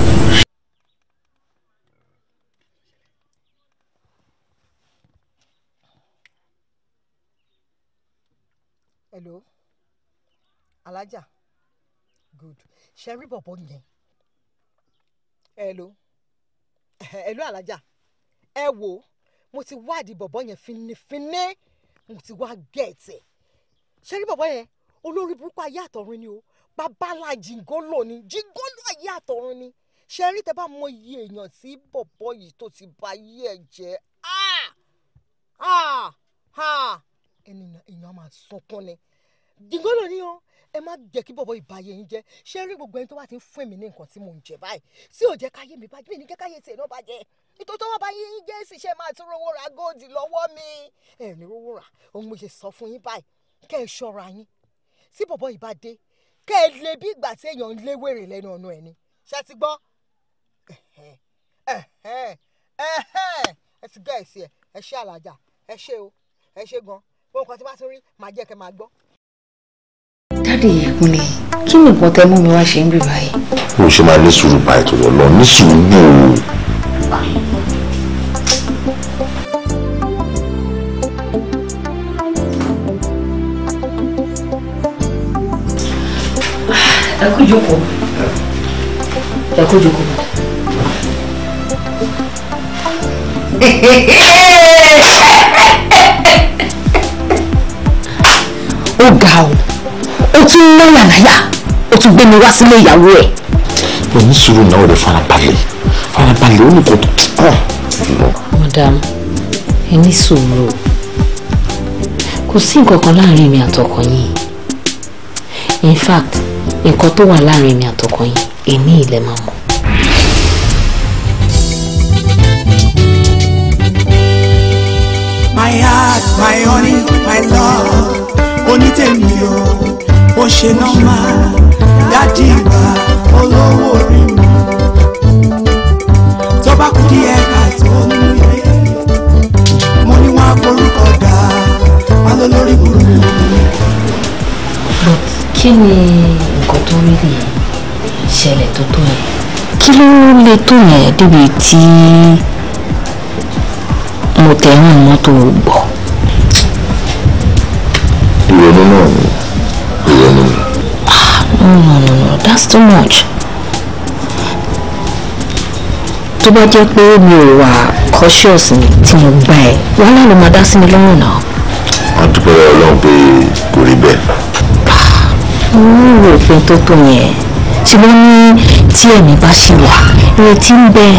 ṣe rí bọ̀bọ̀ yẹn ẹ ló ẹ ló alájà ẹ wò ó mo ti wádìí bọ̀bọ̀ yẹn finifini mo ti wá gẹ̀ẹ́tì ṣe rí bọ̀bọ̀ yẹn olórí burúkú ayé àtọ̀run ni o babalá jìngólò ni jìngólò ayé àtọ̀run ni ṣe rí tẹ́ mọ iye èèyàn tí bọ̀bọ̀ yìí tó ti ba ayé ẹ̀ jẹ́ ah ah ah ènìyàn èèyàn máa sunkún ni jìngólò ni o ẹ má jẹ́ kí bọ̀bọ̀ ìbáyé yín jẹ́ ṣé rí gbogbo ẹni tó bá ti ń fún èmi ní nǹkan tí mò ń jẹ báyìí tí ò jẹ́ káyé mi bàjẹ́ mi ní kẹ́káyé tiẹ̀ náà bàjẹ́ nítorí tó wọ́n bá yín jẹ́ sì ṣe máa tún rówó ra góòdì lọ́wọ́ mi ẹ ní rówó ra òun mo ṣe sọ fún yín báyìí kẹ́ ẹ ṣọ́ra yín tí bọ̀bọ̀ ìbá dé kẹ́ ẹ lè bí ìgbà tí èèyàn ń lé wèrè lẹ́nu ọ̀nà ẹ̀ ni ṣe ti gbọ́ ẹ ti gẹ́ ẹ̀ sí ẹ ẹ ṣe àlàjà ẹ ṣe o ẹ ṣe gan-an gbogbo nǹkan tí bá tún rí màá jẹ́ kẹ́ máa gbọ́ dáàdì ìkúnlẹ̀ kí ni nǹkan tẹ́ mú mi wá ṣe ń bì báyìí. mo ṣe máa ní sùúrù bá ìtòlọ́ lọ ní sùúrù ẹ kú jókòó ẹ kú jókòó. ó ga o tún ń náyà láyà o tún gbé mi wá sílé ìyàwó ẹ̀. ẹ ní sùúrù náà ò lè farabalẹ̀ farabalẹ̀ ó ní kò tán. madam ẹ ní sùúrù kò sí nǹkan kan láàrin mi àtọkọ yín in fact nǹkan tó wà láàrin mi àtọkọ yín èmi ilẹ̀ máa mọ̀. my heart my honey my love onítẹ̀mí mo ṣe nọ́mà dádì ìgbà olówó orí mi tó bá kú díẹ̀ káàtó nínú ilé mo ní wọn agbórúkọ dá wọn lọ lórí burúkú mi. but kí ni nǹkan tó rí lè ṣẹlẹ̀ tó tó yẹn kí ló lè tó yẹn débi tí mo tẹ̀ ń mọ́tò gbọ́. ìrònú náà ni ni. no no no no that's too much. tó bá jẹ́ pé mi ò wà cautious ni tí mo gbà ẹ́ wàhálà ló máa dá sí mi lọ́rùn náà. wọ́n dúpẹ́ ọlọ́run pé kò rí bẹ́ẹ̀. mo ń rò pé tó tó yẹn ṣe ló ní tí ẹ̀mí bá ṣì wà ìrètí ń bẹ.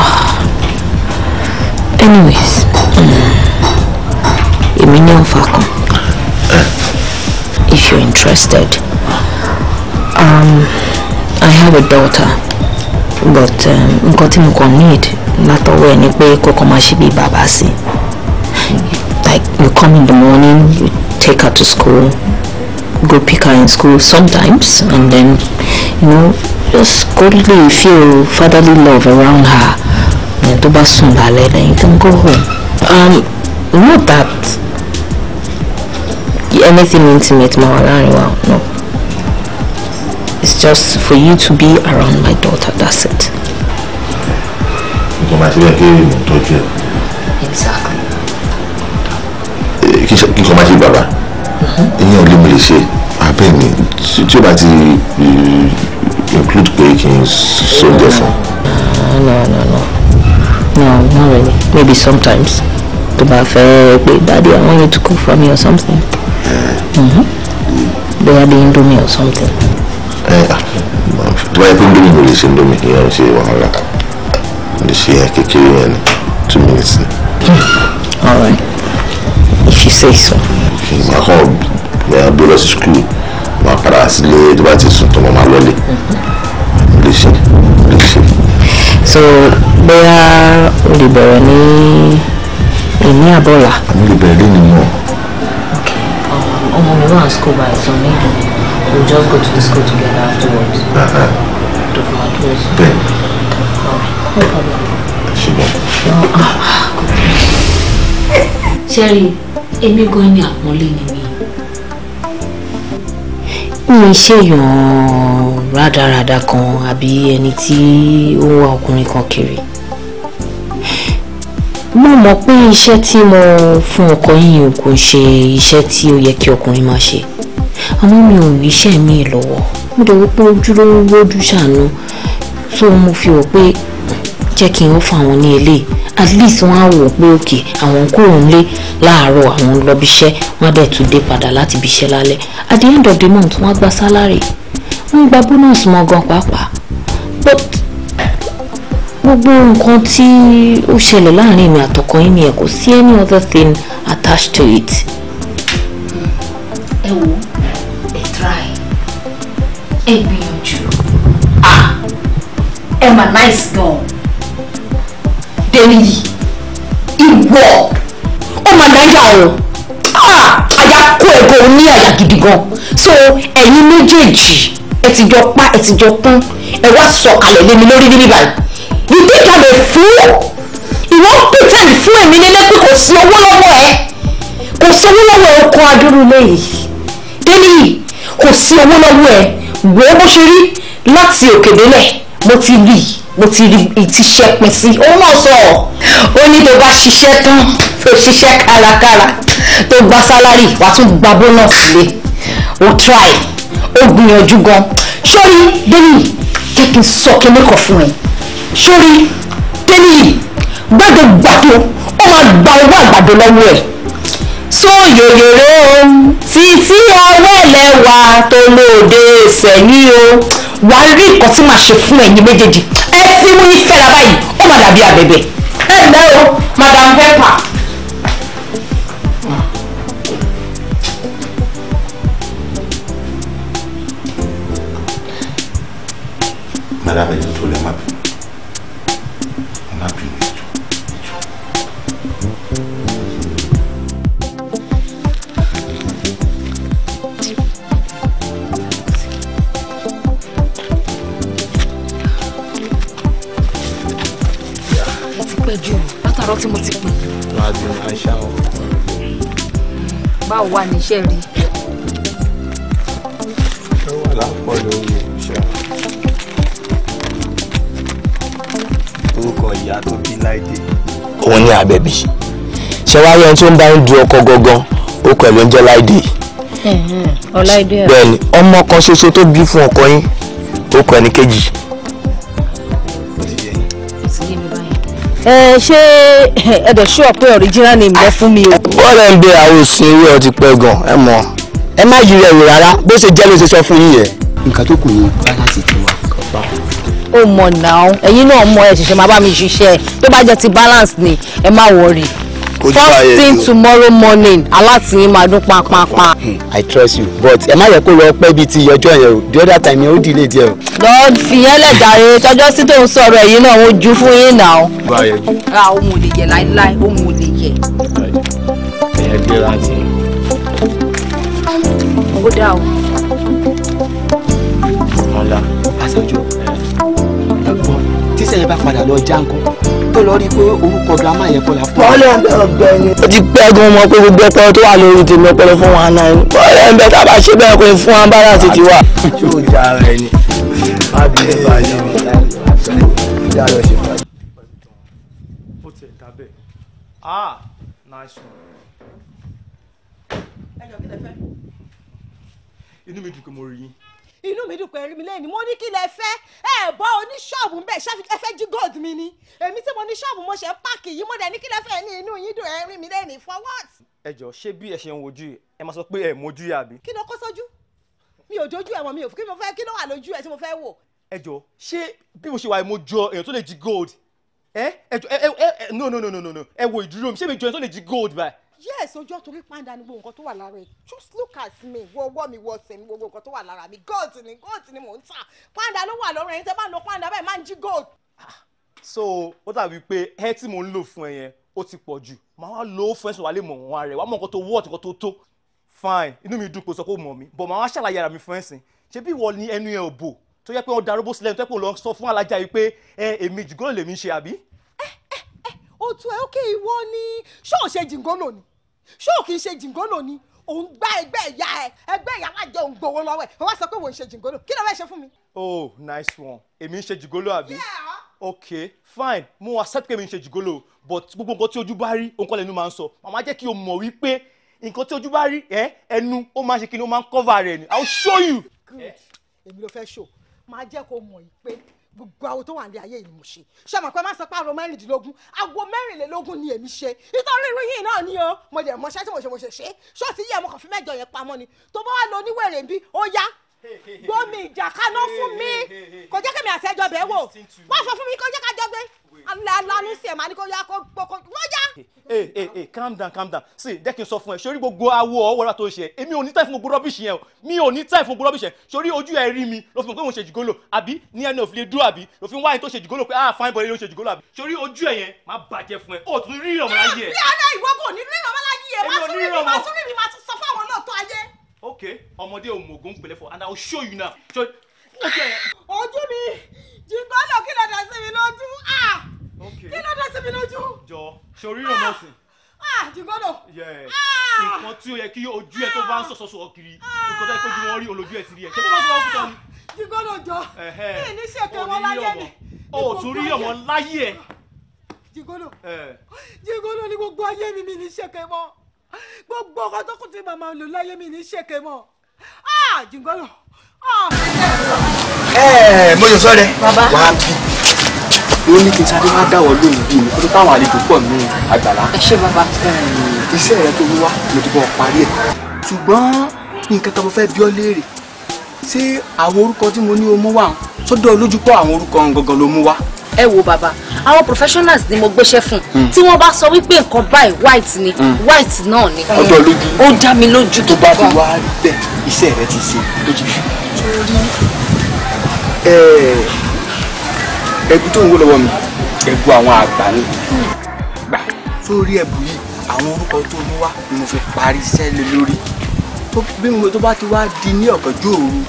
Ah. anyways hmm, èmi ní ọ̀fà kan if you're interested. Um, I have a daughter, but um, nǹkan tí mo kàn need látọwọ́ ẹ̀ ni pé kókó máa ṣe bí bàbá sí. Like you come in the morning, you take her to school, go pick her in school sometimes, and then you know just godly feel fatherly love around her. Tó bá sùn lálẹ́, then you can go home. Um, not that anything intimate mọ́ wa well, no it's just for you to be around my daughter that's it. ìgbìmọ̀ àti bẹ́ẹ̀ kéré mò ń exactly. Eh, kí n kọ́ máa ṣe bàbá mm-hmm. ìyẹn ò lè mo lè ṣe abẹ́ mi eh, include pé so different. Ah, no no no no not really maybe sometimes The buffet, daddy i want you to cook for me or something. Mm -hmm. They are the indomie or something. Eh, ah. Báyìí pé indomie ló lè ṣe indomie, ìyá ò ṣe wàhálà. Mo lè ṣe kékeré yẹn ní two minutes. Hmm. All right, if you say so. Màá kàn bẹ̀rẹ̀ bí lọ sí skul, màá padà sílé tó bá ti sùn tó mọ̀ máa lọ́lé. Mm-hmm. Mo lè ṣe, mo lè ṣe. So bóyá o lè bẹ̀rẹ̀ ní ìní àbọ̀là. Mo lè bẹ̀rẹ̀ lónìí náà ọmọ mi wà school by some evening we we'll just go to the school together afterwards. tó fi máa dúró no problem. ṣùgbọ́n. Oh, ah, ah, ṣẹ́rí èmi gan ni mi. mi ṣèyàn rádaràda kan àbí ẹni tí ó ń wá kan kiri mo mọ̀ pé iṣẹ́ tí mo fún ọkọ yín o kò ṣe iṣẹ́ tí ó yẹ kí ọkùnrin máa ṣe àmọ́ mi ò ríṣẹ́ mi lọ́wọ́ mo dẹ̀ wípé ojú ló ń rójú ṣàánú tó mo fi rò pé jẹ́ kí n ó fún àwọn ní ilé at least wọ́n á wò pé òkè àwọn kúrò nílé láàárọ̀ àwọn lọ bí iṣẹ́ wọ́n á dẹ̀ tún dé padà láti bí iṣẹ́ lálẹ́ at the end of the month wọ́n á gba sálárì wọ́n gba bónọ́ọ̀sì mọ́ gan pàápàá but gbogbo nǹkan tí ó ṣẹlẹ̀ láàrin mi àtọkọ yín nìyẹn kò sí any other thing attached to it. ẹ wo ẹ try ẹ gbìyànjú ah ẹ mà nice gan Déníyì ìwọ ó mà náyà o ah àyà kó ẹ̀gọ́ ní àyà gidi gan so ẹ̀yin méjèèjì ẹ ti jọ pa ẹ ti jọ pọ́n ẹ wá sọ̀kalẹ̀ lé lórí níbí báyìí you think i'm a fool ìwọ ń pretend fún èmi nílé pé kò sí owó lọ́wọ́ ẹ kò sí owó lọ́wọ́ ẹ ọkọ adúrúlé yìí délé yìí kò sí owó lọ́wọ́ ẹ wò ó bó ṣe rí láti òkè délẹ̀ mo ti rí i mo ti rí ìtíṣẹ́ pin sí òun náà sọ ọ́ ó ní tó bá ṣiṣẹ́ tán tó ṣiṣẹ́ kárakára tó gba sálárì wàá tún gba bónọ́ọ̀sì lé o try ó gbìyànjú gan sórí délé jẹ́ kí n sọ kíní kan fún ẹ sórí tẹ́lẹ̀ yìí gbàdúgbàdó ó máa gba owó àgbàdo lọ́wọ́ ẹ̀ sóyòyòrò títí ọwẹ́lẹ̀ wa tó lóde sẹ́yìn o wàá rí nǹkan tí màá ṣe fún ẹ̀yin méjèèjì ẹ fi mú ìfẹ́ ra báyìí ó máa dàbí abẹ̀bẹ̀. ẹ ǹlẹ́ o madam pepper. madam pẹ́ jù látàárọ̀ tí mo ti pè. láti máa ṣá o. báwo wà ní iṣẹ́ rí. ṣé wà lápọ̀ lórí iṣẹ́? orúkọ ìyá tó bí láìdé. òun ní abẹ́bí ṣé wàá rí ẹni tó ń bá ń du ọkọ gangan ó pẹ̀lú ń jẹ́ láìdé. ọláìdé. bẹ́ẹ̀ni ọmọ kan ṣoṣo tó bí fún ọkọ yín ó kọ ẹni kejì. ẹ ṣé ẹdẹ ṣúọ pé original name lẹ fún mi o. bọ́ọ̀lù ẹ̀ ń bẹ àwọn òsìn ewé ọtí pẹ́ gan ẹ mọ̀ ẹ má yí rẹ̀ wò rárá bó ṣe jẹ́ ló ṣe sọ fún yín yẹn. nǹkan tó kù ní balance ti wà kọ́pá. ó mọ̀ náà ẹ̀yin náà mọ̀ ẹ̀ ṣẹ̀ṣẹ̀ máa bá mi ṣiṣẹ́ tó bá jẹ́ ti balance ni ẹ má wọrí first thing tomorrow morning alátìyín máa dún pápápá. Hmm, i trust you but ẹ má yẹ kó lọ pẹ́ bíi ti ọjọ́ yẹn o the other time yẹn ó delay díẹ̀ o. lọ fìyẹn lẹ́dàá tọjọ́ sí tó ń sọ̀rọ̀ ẹ̀yìn náà wọ́n ju fún yín náà. ra ohun ò lè yẹ láéláé ohun ò lè yẹ. ẹ̀yẹ gbéra ni. ó dà o. ọ̀la aṣojú ẹ gbọ́ tíṣẹ́ yẹn bá padà lọ já tó lọ rí i pé orúkọ girama yẹn kọ́ fún wa. bọ́ọ̀lù ẹ̀bẹ̀ ọ̀gbẹ́ ni. ó ti pẹ́ gan mọ̀ pé gbogbo ọpọlọ tó wà lórí tèmi ọpọlọ fún wa náà ni bọ́ọ̀lù ẹ̀bẹ̀ tá a bá ṣe bẹ́ẹ̀ pé fún wa bára ti ti wà. ah nice one. inú mi dùn pé mo rí yín inú mi dùn pẹ̀lú mi lẹ́yìn mo ní kí lẹ fẹ́ ẹ bọ́ oníṣọ́ọ̀bù bẹ́ẹ̀ ṣáfi ẹ fẹ́ jí gold mi ni èmi tí mo ní ṣọ́ọ̀bù mo ṣe ń páàkì yìí mo dẹ̀ ní kí lẹ fẹ́ ní inú yín dùn ẹ̀rín mi lẹ́yìn for what. ẹ jọ ṣé bí ẹ ṣe ń wojú ẹ máa sọ pé ẹ mojú yà bí. kí ló kọ́ sójú mi ò dojú ẹ̀wọ̀n mi ò kí mo fẹ́ kí ló wà lójú ẹ tí mo fẹ́ wò. ẹ jọ ṣé bí mo ṣe wà mo jọ èèyàn tó lè jí gold ẹ ẹ jọ ẹ ẹ no no no no no ẹ wo ìdúró mi ṣé mi jọ èèyàn tó lè jí gold báyìí yes ọjọ́ torí pàǹdà ni gbogbo nǹkan tó wà lára ẹ̀ just look at me wo ọwọ́ mi wo ọ̀sẹ̀ mi gbogbo nǹkan tó wà lára mi gold ni gold ni mò ń tà pàǹdà ló wà lọ́rùn ẹ̀yin tẹ́ bá ń lo pàǹdà máa ń jí gold. so ó dàbí pé ẹ tí mò ń lò fún ẹ yẹn ó ti pọ̀ jù màá wá lo fún ẹ̀sùn wálé mọ̀ wọn rẹ̀ wàá mọ̀ nǹkan tó wọ́ ọ̀tí tó tó fine inú mi dùn pé o sọ pé o mọ̀ mi bọ̀ màá wá ṣàlàyé ara mi fún ẹ̀sìn ṣé bí ìwọ ni ẹnu yẹn ò bò tó yẹ pé wọn darúgbó sílẹ̀ tó yẹ pé wọn lọ sọ fún alájà yìí pé ẹ èmi jìgọ́lò lèmi ń ṣe àbí. ó eh, eh, eh, tu ẹ ókè ìwọ ni ṣọ́ọ̀ṣẹ́ jìngọ́lò ni ṣé ṣe jìngólò ni òun gbá ẹgbẹ́ ìyá ẹ ẹgbẹ́ ìyá wa jẹ́ òun gbowó lọ́wọ́ ẹ̀ wọ́n wá sọ pé wọ́n ṣe jìngólò kí ló fẹ́ ṣe fún mi. oh nice one èmi ń ṣe jìngólò àbí. ok fine mo accept pé èmi ń ṣe jìngólò but gbogbo nǹkan tí ojú bá rí òun kọ́ lẹ́nu máa ń sọ màmá jẹ́ kí o mọ̀ wípé nǹkan tí ojú bá rí ẹnu ó máa ṣe kí ni ó máa ń cover rẹ̀ ni i will show you. good èmi ló fẹ́ show máa jẹ́ kó mọ̀ yìí gbogbo àwọn tó wà ní ayé yìí mo ṣe ṣọmọ pé má sọ pé aago mẹ́rìndínlógún aago mẹ́rìnlélógún ni èmi ṣe nítorí irú yìí náà ni o mo dẹ̀ mọṣẹ́ tí mo ṣe mo ṣe ṣe ṣọ́ọ̀tì yìí ẹ̀ mo kàn fi mẹ́jọ yẹn pamọ́ ni tó bá wà lọ oníwèrè bí ó yá gbómi ìjà kaná fún mi kò jẹ́ kẹ́mi àti ẹjọ́ bẹ́ẹ̀ wò wọ́n sọ fún mi kò jẹ́ ká jọ gbé alanu sí ẹ̀ máa ní kó yá kó gbókó wọ́n já. ee ee ee calm down calm down see jẹ́ kí n sọ fún ẹ sórí gbogbo awo ọ̀wọ́ra tó ṣe èmi ò ní time fún gbogbo rọ́bìṣì yẹn o mi ò ní time fún gbogbo rọ́bìṣì yẹn sórí ojú ẹ rí mi ló fi mọ̀ pé òun ṣe jùgọ́lò àbí ní ẹni òfin lè dúró àbí òfin wáyé tó ṣe jùgọ́lò pé ah fine boy ló ṣe jùgọ́lò àbí sórí ojú ẹ yẹn máa bàjẹ́ fún ẹ o tún rí ìrànwọ́ láyé ẹ. bí okay ọmọdé òmùgún pẹ̀lẹ́ fọ and i will show you now. ojú mi jìgbọ́lọ̀ kí ló dé sí mi lójú ah! kí ló dé sí mi lójú. jọ sori rẹ mọ sin. Ah! Ah, jìgbọ́lọ̀. nǹkan tí ó yẹ kí ojú ẹ tó bá ń sọ̀sọ̀ sọ̀ kiri nǹkan tó yẹ kó ju wọn rí olójú ẹ ti rí ẹ kí ló bá sọ̀rọ̀ kúta ni. jìgbọ́lọ̀ jọ kí ni ṣe wọn láyé mi. o tún rí ọmọ láyé ẹ. jìgbọ́lọ̀ eh. jìgbọ́lọ̀ ni gbogbo ayé mi mi ní ṣe gbogbo ọkọ tó kún tí màmá lò láyé mi ní ṣèké mọ jìngọlọ. ẹ ẹ mo yọ sọrẹ wàá bí ó ní kí n sáré wá dáwọ lónìí bíi mi kótó táwọn àlejò pọ̀ nínú àgbàlá. ẹ ṣe bàbá. iṣẹ́ rẹ tó wá mo ti bọ́ parí ẹ̀. ṣùgbọ́n nǹkan kan mo fẹ́ bi ọ́ léèrè ṣé àwọn orúkọ tí mo ní o mú wá sọ́dọ̀ lójú pọ̀ àwọn orúkọ gangan ló mú wá ẹ wo bàbá àwọn professionals ni mo gbéṣẹ́ fún hmm. tí wọ́n bá sọ wípé nǹkan báyìí white ni hmm. white náà ni. ọdọ lójú ó dá mi lójú tó bá ti wá bẹ iṣẹ́ rẹ ti ṣe lójú. ẹbí tó ń wó lọ́wọ́ mi ẹ̀bù àwọn àgbà ni gbà sórí ẹ̀bù yìí àwọn orúkọ tó mú wá ni mo fẹ́ parí iṣẹ́ lé lórí bí mo tó bá ti wá di ní ọ̀gànjọ́ òru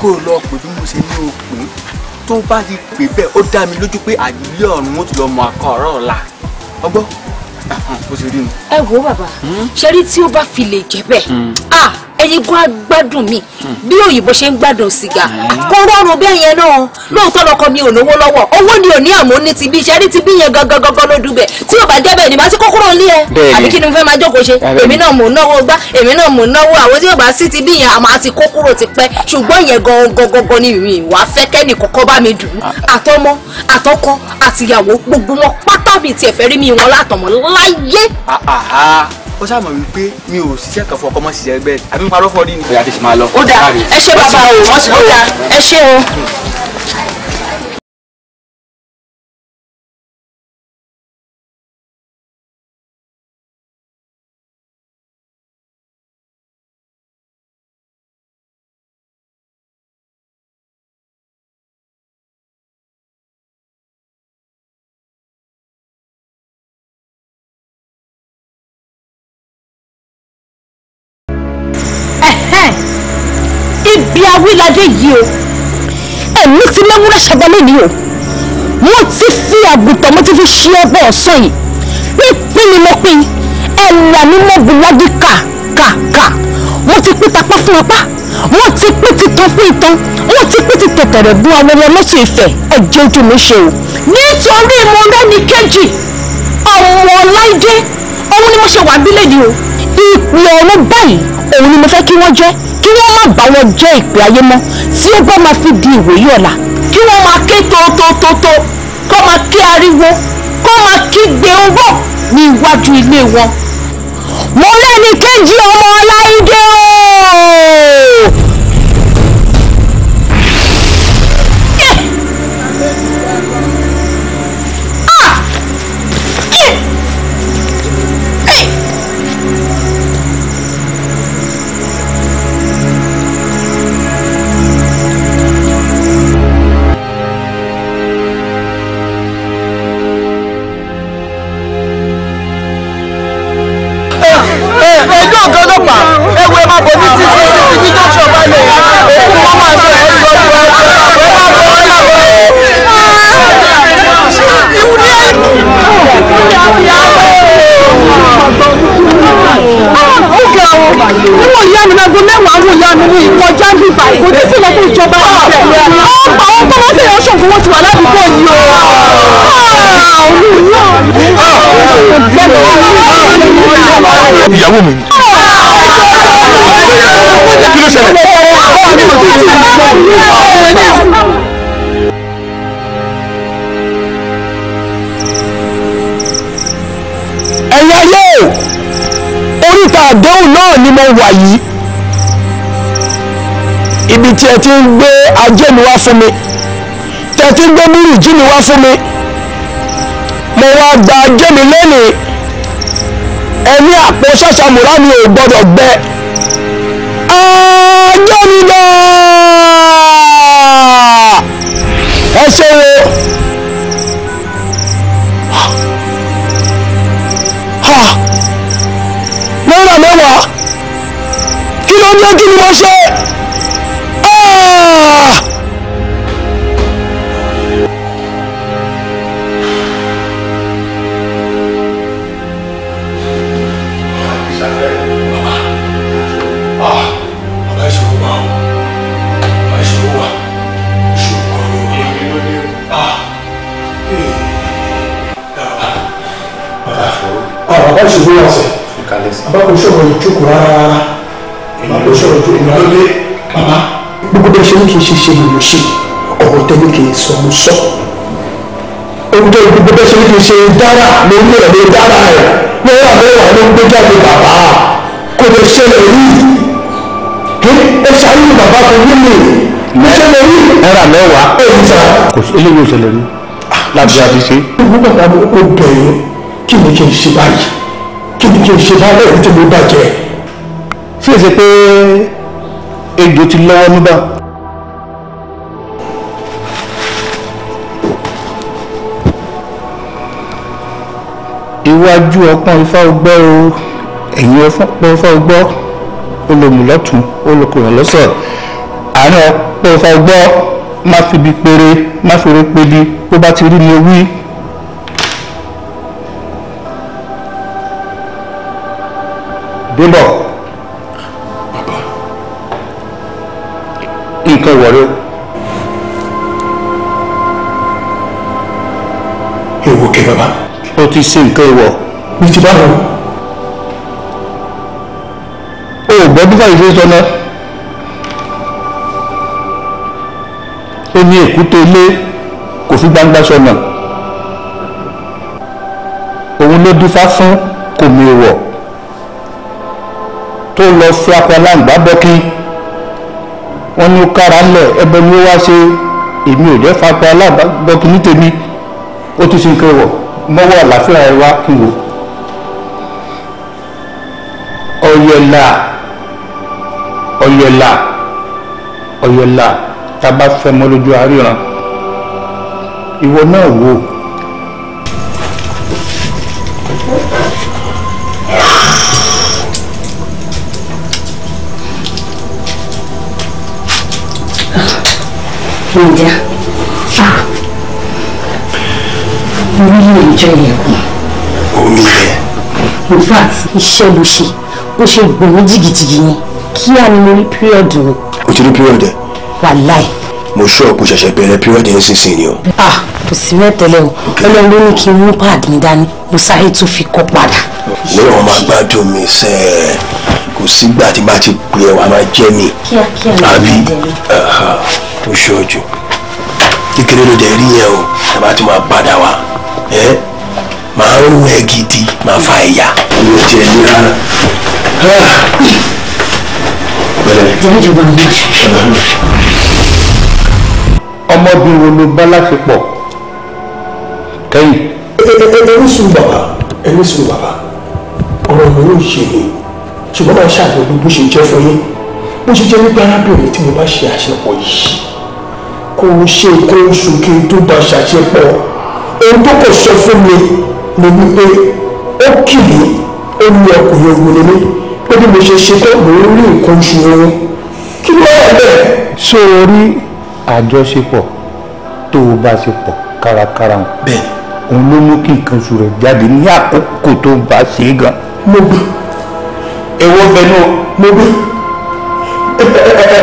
kó o lọ pè bí mo ṣe ní o pè é tó bá ti pè bẹ́ẹ̀ ó dá mi lójú pé àjílẹ̀ ọ̀run mo ti lọ mọ akọ ọ̀rọ̀ ọ̀la ọgbọ́n bó ti rí nu. ẹ wo bàbá hmm? ṣe rí tí ó bá fi lè jẹ bẹ́ẹ̀ hmm ẹyin gan agbádùn mi bí òyìnbó ṣe ń gbádùn sìgá mm-hmm. kó rọrùn bí ẹyẹn náà lóòótọ́ lọkọ mi ò lówó lọ́wọ́ owó ni ò ní àmọ́ ní ti bí iṣẹ́ ní ti bí yẹn gangan gangan ló tí ò bá débẹ̀ ní bá ti kókóró lé ẹ àbí kí ni mo fẹ́ máa jókòó ṣe èmi náà mò ń náwó gbá èmi náà mò ń náwó àwọn tí ò bá sí ti bí yẹn àmọ́ àti kókóró ti pẹ́ ṣùgbọ́n yẹn gangan ni mi wà fẹ́ kẹ́ni kọ́kọ́ bá mi dùn àtọmọ àtọkọ àtìyàwó gbogbo wọn pátá mi tiẹ̀ fẹ́ rí mi wọn látọmọ láyé. Ah, ah, ah ó sàmọ̀ wípé mi ò ṣiṣẹ́ kan fún ọkọ mọ́ ṣiṣẹ́ bẹ́ẹ̀ àbí parọ́ fọ́ rí ni. bóyá ti ṣe máa lọ. ó dáa ẹ ṣe bàbá o ẹ ṣe o. wíládé yìí o ẹ̀mí ti mẹ́wúrẹ́ ṣọgbọ́n lónìí o mo ti fi àgùntàn mo ti fi ṣe ọbọ̀ ọ̀sán yìí pínpín ni mo pín ẹ̀là ni mo bù ládì kà kà kà mo ti pín tapá fún apá mo ti pín titan fún itan mo ti pín ti tẹ̀tẹ̀rẹ̀ bú awẹ́lẹ́ lọ́sùn ìfẹ́ ẹ̀jẹ̀ ojú mi ṣe o nítorí mo rẹ́ni kejì ọmọ ọláìdé òun ni mo ṣe wà bílẹ̀ ni o ìpè ọ̀run báyìí òun ni mo fẹ́ kí wọ́n jẹ́ kí wọ́n má bá wọn jẹ́ ìpè ayé mọ́ tí ó bá máa fi di ìwòye ọ̀la kí wọ́n máa ké tótótótó kó máa ké ariwo kó máa kígbe owó ní iwájú ilé wọn. mo lẹ́ni kejì ọmọ ọláìdé ooo. níwọ̀n ah, oh. ìyá mi náà gbọ́ mẹ́wàá wò mi ní ìkọjá bí báyìí kò ní sí lọ fún ìjọba ìjẹ ah. ọ̀pọ̀ àwọn tó bá wọn ti wà ládùúgbò yìí ah, o. ìyàwó mi kí ló ṣẹlẹ̀. ẹ̀yà yóò oríta àdéhùn náà ni mo wà yìí ibi tí ẹ ti ń gbé ajé mi wá fún mi tẹ ti ń gbé mírìjí mi wá fún mi mo wá gba ajé mi lónìí ẹni àpò ṣàṣàmùrá mi ò gbọdọ̀ gbẹ lílọ ẹ ṣe wo. náírà mẹ́wàá kí ló ń lé kí ni wọ́n ṣe. ní kí n ṣe ṣe mo ṣe ọ̀rọ̀ tẹ́lẹ̀ kì í sọ mo sọ oúnjẹ gbogbo bẹ́ẹ̀ ṣe ní kí n ṣe dára mo ní ẹ̀rọ dára ẹ̀ lọ́wọ́ àbẹ́wò àwọn gbé jáde bàbá kò lè ṣẹlẹ̀ rí kí ẹ ṣàyẹ̀wò bàbá kan nílé kò ṣẹlẹ̀ rí. náírà mẹ́wàá kò eléyìí ò ṣẹlẹ̀ rí lábẹ́ àdìsí. gbogbo bàbá mi ò bẹ̀rẹ̀ kí ni kí n ṣe báyìí kí ni kí n ṣe báyìí iwájú ọpọ́n ifá ọgbẹ́ o ẹ̀yìn ọpọ́n ifá ọgbọ́ olùmùlọ́tún olùkùnrin lọ́sẹ̀ àárín ọpọ́n ifá ọgbọ́ má fi bi péré má fi rí pébi bó bá ti rí ni wí. débọ̀. fi ṣe nǹkan ìwọ̀. mi ti báwo. o ò gbọ́ bí báyìí ṣe sọ náà. ó ní èkúté ilé kò fi gbangba sọnà òun ló dífá fún kò mí wọ̀ tó lọ fi akọláǹgbá bọ́kí wọ́n ní ó kára lẹ̀ ẹbẹ ni ó wá ṣe èmi ò jẹ́ fapá aláàbọ̀ kìíní tèmi ó tún ṣe nǹkan wọ̀ mọ́wọ́ àlàáfíà ẹ wá kù o ọ̀yẹ̀là ọ̀yẹ̀là ọ̀yẹ̀là tá a bá fẹ́ mọ́ lójú àríran ìwọ náà wò ó. iṣẹ́ ló ṣe bó ṣe gbọ̀n mí jìgìjìgì yẹn kíá ni mo rí píríọ̀dù mi. o ti rí píríọ̀dù ẹ. wàláì. mo ṣọ́ ọ̀pọ̀ ṣẹ̀ṣẹ̀ bẹ̀rẹ̀ píríọ̀dù yẹn sísìn ni o. ah kò sí mẹ́tẹ̀lẹ́ o ọlọ́run ló ní kí n mú páàdì mi dání mo sáré tún fi kọ́ padà. lórí àwọn máa gbádùn mi sẹ́ẹ̀ kò sígbà tí bá ti pè ẹ́ wàá máa jẹ́ mi. kíákíá ló ń bẹ̀rẹ̀ o ṣọ́ọ̀jù kékeré ló dẹ̀ rí yẹn o tàbá tún máa padà wá máa ń rún ẹ gidi máa fa ẹ̀yà. mi ò tiẹ̀ ní rárá. ọmọbìnrin wo ló bá láṣepọ̀ kẹ́yìn. ẹni sùn bàbá ẹni sùn bàbá ọ̀rọ̀ mi ò ṣe é ṣùgbọ́n máa ṣàbẹ̀wò bó ṣe jẹ́ fún yín bó ṣe jẹ́ nípa arábìnrin tí mo bá ṣe àṣepọ̀ yìí kò ṣe kó oṣù kí n tó bá ṣàṣepọ̀ ohun tó kò sọ fún mi ni wípé ó kì í ó ní ọkùnrin ogun ni mí pé bí mo ṣe ṣe tó mò ń rí nǹkan oṣù oorun kí ló wà bẹ́ẹ̀. ṣé o rí àjọṣepọ̀ tó o bá ṣe pọ̀ kárakára hàn. bẹ́ẹ̀ òun ló mú kí nǹkan oṣù rẹ̀ jáde ní àkókò tó bá ṣe é gan. mo gbọ́ èwo bẹnu mo gbọ́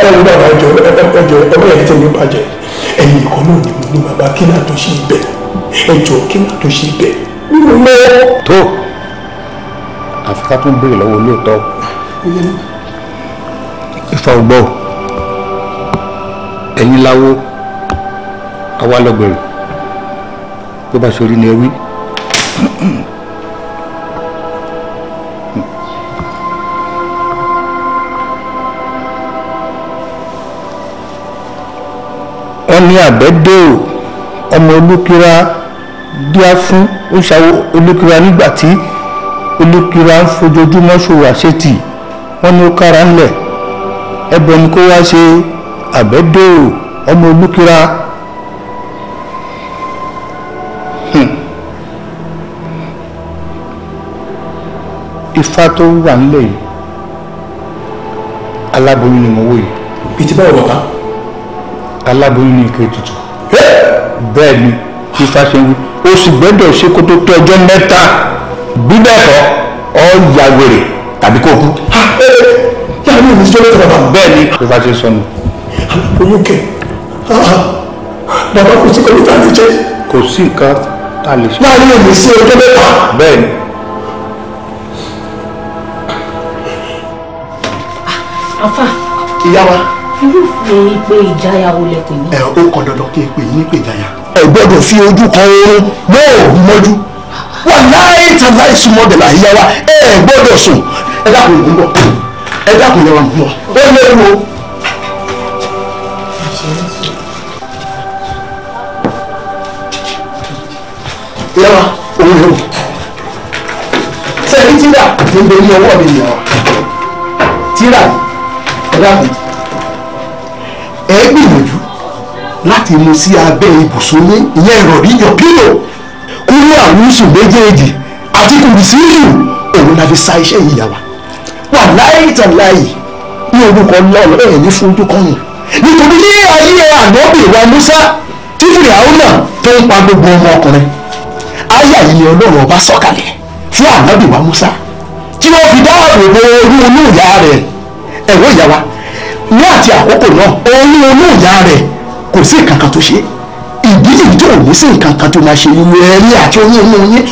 ẹ̀rù bàbá ẹjọ ẹjọ ẹgbẹ́ yẹn tẹ̀lé bàjẹ́ ẹ̀yìn ìkọ́ náà ni mo ní bàbá kí náà tó ṣe ibẹ̀ ẹjọ kí náà tó ṣe ibẹ̀ ilé. tó àfi ká tún béèrè lọ́wọ́ olóòótọ́ Ifá ọgbọ́ ẹ̀yin láwo àwa lọ́gbẹ̀rẹ̀ bó bá ṣe orí ni ẹ wí. wọ́n ní àbẹ́dẹ́ò ọmọ olúkúra díá fún ó ń ṣàwọ olókìra nígbà tí olókìra ń fojoojúmọ́ ṣòwò àṣetì wọ́n ní ó kára ńlẹ̀ ẹbọ ni kó wá ṣe àbẹ́dòrò ọmọ olókìra. Hmm. ifá tó wà ńlẹ̀ yìí aláboyún ni mo wò yìí. ìtì báwo bàbá. aláboyún ni ìkẹ́ tutù. bẹ́ẹ̀ ni ifá ṣe ń wí o sì gbẹ́dọ̀ ṣe kó tó tó ọjọ́ mẹ́ta bí bẹ́ẹ̀ kọ́ ọ ya wèrè tàbí kó kú. yàrá mi ò ní sọ́dọ̀ bàbá. bẹ́ẹ̀ ni ló bá ṣe sọ nù. oyún kẹ bàbá kò sí kọ́ níta lè jẹ́. kò sí nǹkan tá a lè ṣe. láàrin èmi sí ọjọ́ mẹ́ta. bẹ́ẹ̀ ni. afa. Ah, ìyá wa. irúfẹ́ ìpè ìjáyà wo lẹ pè ní. ẹ o kọ dandan kí n pè yín ní pè ìjáyà gbọ́dọ̀ fi ojú kan oorun yóò mọ́jú wà láì tàbí ìsúnmọ́dẹ̀ láyé wa ẹ gbọ́dọ̀ sùn ẹ dákun ìlú bọ̀ ẹ dákun ìlú bọ̀ ó léwu. yẹ́wà òun léwu sẹ́yìn tíra ń bẹ ní ọwọ́ mi nìyàwó tíra ẹ dákun. láti mú sí abẹ́ ibùsùn ní ìyẹn ìrọ̀rí yọ̀kílò kúrú àwùsùn méjèèjì àti kùrìsì ìlú òun la fi sa iṣẹ́ yìí yà wá wà láì tàn láì ní orúkọ lọ́ọ̀lọ́ ẹ̀ ní fún ojú kọ́run nítorí ní ayé ànábì wa Musa tí fìrìhàwùnà tó ń pa gbogbo ọmọ ọkùnrin ayé àyè ni Ọlọ́run ọba sọ̀kalẹ̀ fún ànábì wa Musa tí wọ́n fi dáàbò bo orí inú ìyá rẹ̀ ẹ̀wọ́ ìyá wa ní àti àkókò náà orí inú ìyá rẹ̀ kò sí nǹkan kan tó ṣe ìdí nìyí tó ní sí nǹkan kan tó máa ṣe inú ẹrí àti oyún inú yín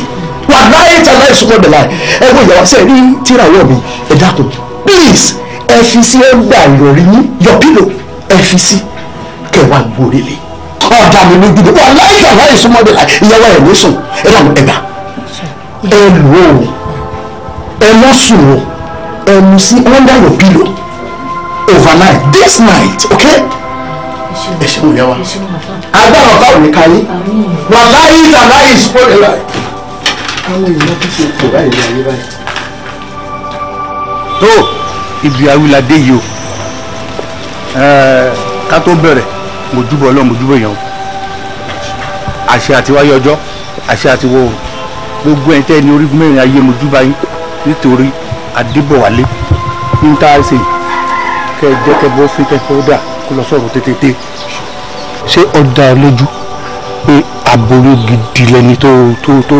wà láyé tá láyé sọmọ bẹ̀rẹ̀ láì ẹ wọ ìyàwó sẹ́ẹ̀ rí tíráwọ̀ mi ẹ dákun please ẹ fi sí ẹ gbà ìrọ̀rí yín your pillow ẹ fi sí kẹwàá gbòòrè lè ọ̀dà mi lójú ni wà láyé tá láyé sọmọ bẹ̀rẹ̀ láì ìyàwó ẹ̀ ló sùn ẹ dákun ẹ gbà ẹ lò ó ẹ lọ sùn ó ẹ mú sí under your pillow overnight this night okay ẹ ṣeun ìyá wa agbára ọba ò ní ká yín wà láyé ìta láyé ìsopọ rẹ báyìí àwọn èèyàn tó ṣe kò báyìí ní ayé báyìí. tó ibi awilade yìí o ká tó bẹ̀rẹ̀ mo júbọ ọlọ́run mo júbọ èèyàn o àṣẹ àti wáyé ọjọ́ àṣẹ àti wọ gbogbo ẹ̀ tẹ́ ní orígun mẹ́rin ayé mo júbà yín nítorí Adébọ̀wálé ń tá a ṣe kẹ́ ẹ jẹ́ kẹ́ bọ́ fún kẹ́ fọ́ dà kó lọ sọ̀rọ̀ tètè ṣé ó dá ẹ lójú pé aboyún gidi lẹni tó tó tó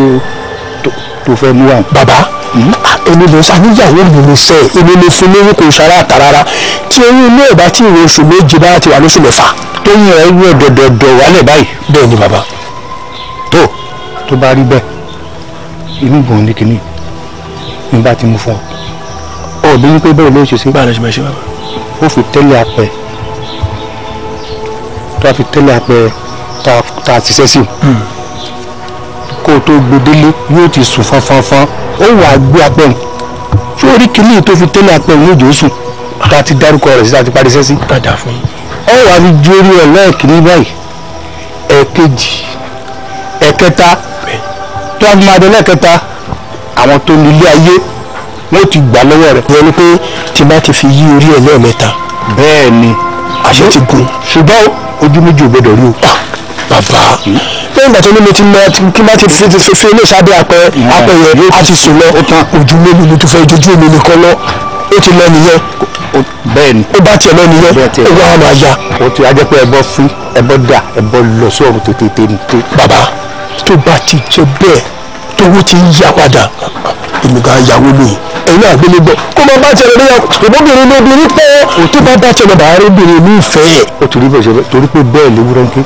tó fẹ́ mú àwọn. bàbá hmm? èmi ló ṣàníyàwó mi ló sẹ èmi ló fún lórí kò sára àtà rárá tí oyún ilé ẹ̀ bá tí ìwé oṣù méje bá ti wà lóṣù mẹ́fà. tó yẹ ẹ wọ dọdọdọ wálẹ̀ báyìí. bẹ́ẹ̀ ni Baba. tó tó bá rí bẹ́ẹ̀ inú gbọ̀n ní kínní ní bá ti mú fún ọ. ọ̀ bí wípé bẹ́ẹ̀ ló ṣe sí. báyìí ló ṣe máa ṣe bàbá. ó fi tẹ́lẹ̀ apẹ̀ tó a fi tẹ́lẹ̀ apẹ̀rẹ̀ tá a ti ṣẹ́ hmm. kó o tó gbedele yóò ti sùn fanfanfan ó wà á gbé apẹ̀rẹ̀ tí orí kìíní tó fi tẹ́lẹ̀ apẹ̀rẹ̀ yóò jò ó sùn tá a ti dárúkọ rẹ̀ sí tá a ti parí ṣẹ́ sí. ó wà á fi ju orí ẹ̀ lẹ́ẹ̀kìíní báyìí ẹ̀ẹ̀kejì ẹ̀ẹ̀kẹta tó a fi máa dé lẹ́ẹ̀kẹta àwọn tó ní ilé ayé wọ́n ti gbà lọ́wọ́ rẹ̀. ìyẹn ni pé tí bá ti fi yí orí ẹ̀ lẹ́ẹ̀mẹ́ta. bẹ́ẹ̀ ni àṣẹ ti gùn. ṣùgbọ́n ojú méjì ò gbọdọ̀ rí o. bàbá lẹ́yìn ìgbà tó ní mo ti mọ kí n bá ti fi fi fi ilé ìsábẹ́ apẹ apẹ yẹn a ti sùn lọ ojú mélòó ló tún fẹ́ ojú mi nìkan lọ ó ti lọ nìyẹn bẹ́ẹ̀ni ó bá tiẹ̀ lọ nìyẹn ó wá máa ya. o ti ajẹ́ pé ẹbọ fún ẹbọ dà ẹbọ lọ sí ọ̀run tètè tètè. bàbá tó bá ti jẹ bẹ́ẹ̀ tówó ti ń yá padà èmi gan yàwó lóyún ẹ̀yin àgbélébọ̀ kó máa bá tiẹ̀ lọ bóyá ìbóbìnrin ló bí wípé òtún bá bá tiẹ̀ lọ bàá ní ìfẹ́ ẹ̀. o torí bẹ́ẹ̀ ṣe torí pé bẹ́ẹ̀ léwúrọ́ ń ké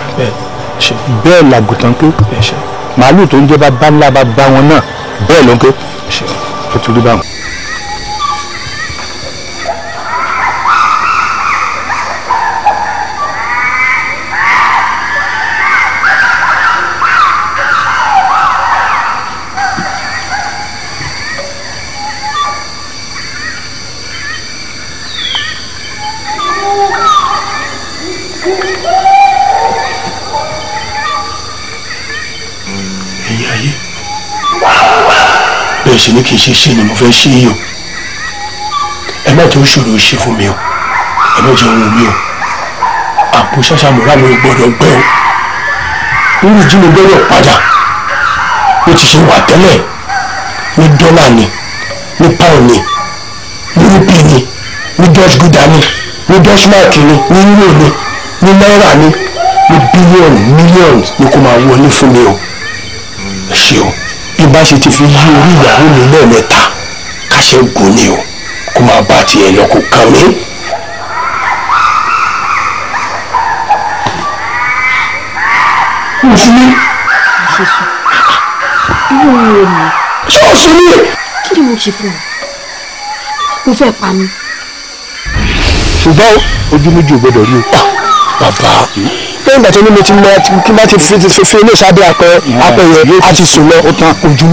bẹ́ẹ̀ làgùtàn ké màálù tó ń jẹ́ bá bá ńlá bá bá wọn náà bẹ́ẹ̀ ló ń ké o torí báwọn. kì í ṣe ṣe ni mo fẹ́ ṣe yìí o ẹ má jẹ́ òṣòro ṣe fún mi o ẹ má jẹ́ ohun mi o àpò ṣáṣá mọ̀ra mi ò gbọ́dọ̀ gbẹ́ o nínú ìjìnlẹ̀ gbọ́dọ̀ padà bó ti ṣe wà tẹ́lẹ̀ ní dọ́là ni ní pound ni ní rúpì ni ní dutch gúdà ni ní dutch mark ni ní euro ni ní náírà ni ní bílíọ̀nù mílíọ̀nù ni kò máa wọlé fún mi o ẹ ṣé o bí bá ṣe ti fi yí orí ìyàwó mi lẹ́ẹ̀mẹ́ta káṣẹ́ gùn ni o kó máa bá tiẹ̀ lọ kó kàn mí. mo sún ní. irú oore mi. ṣé o sún ní. kí ni mo ṣe fún ọ mo fẹ́ pa mi. ṣùgbọ́n ojú méjì ò gbọ́dọ̀ rí o. bàbá. Hmm? pé ìgbà tó ní mo ti mọ kí n bá ti fi fi ilé ìsábẹ́ apẹ apẹ a ti sùn lọ ojú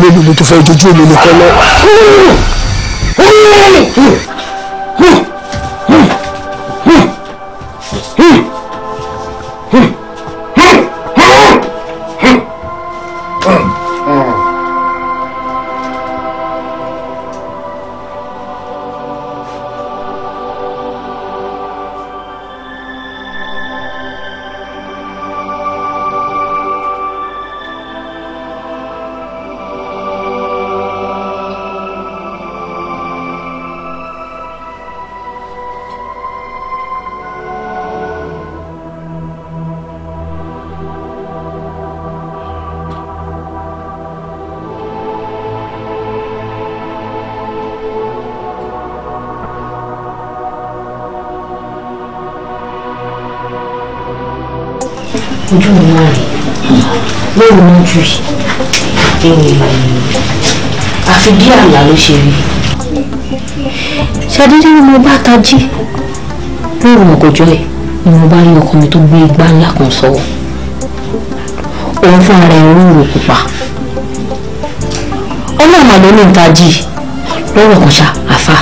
mélòó ló tún fẹ́ ojú omi nìkan lọ. ojú yìí àfi bí àlá ló ṣe rí ṣàdédé ni mo bá ta jí lóòrùn ọ̀gọ̀jọ́ ẹ̀ ni mo bá rí ọkùnrin tó gbé igbá ńlá kan sọ́wọ́ òun fún ara ẹ̀ rúurú pupa ọlọ́run àlọ́ ló ń ta jí àfa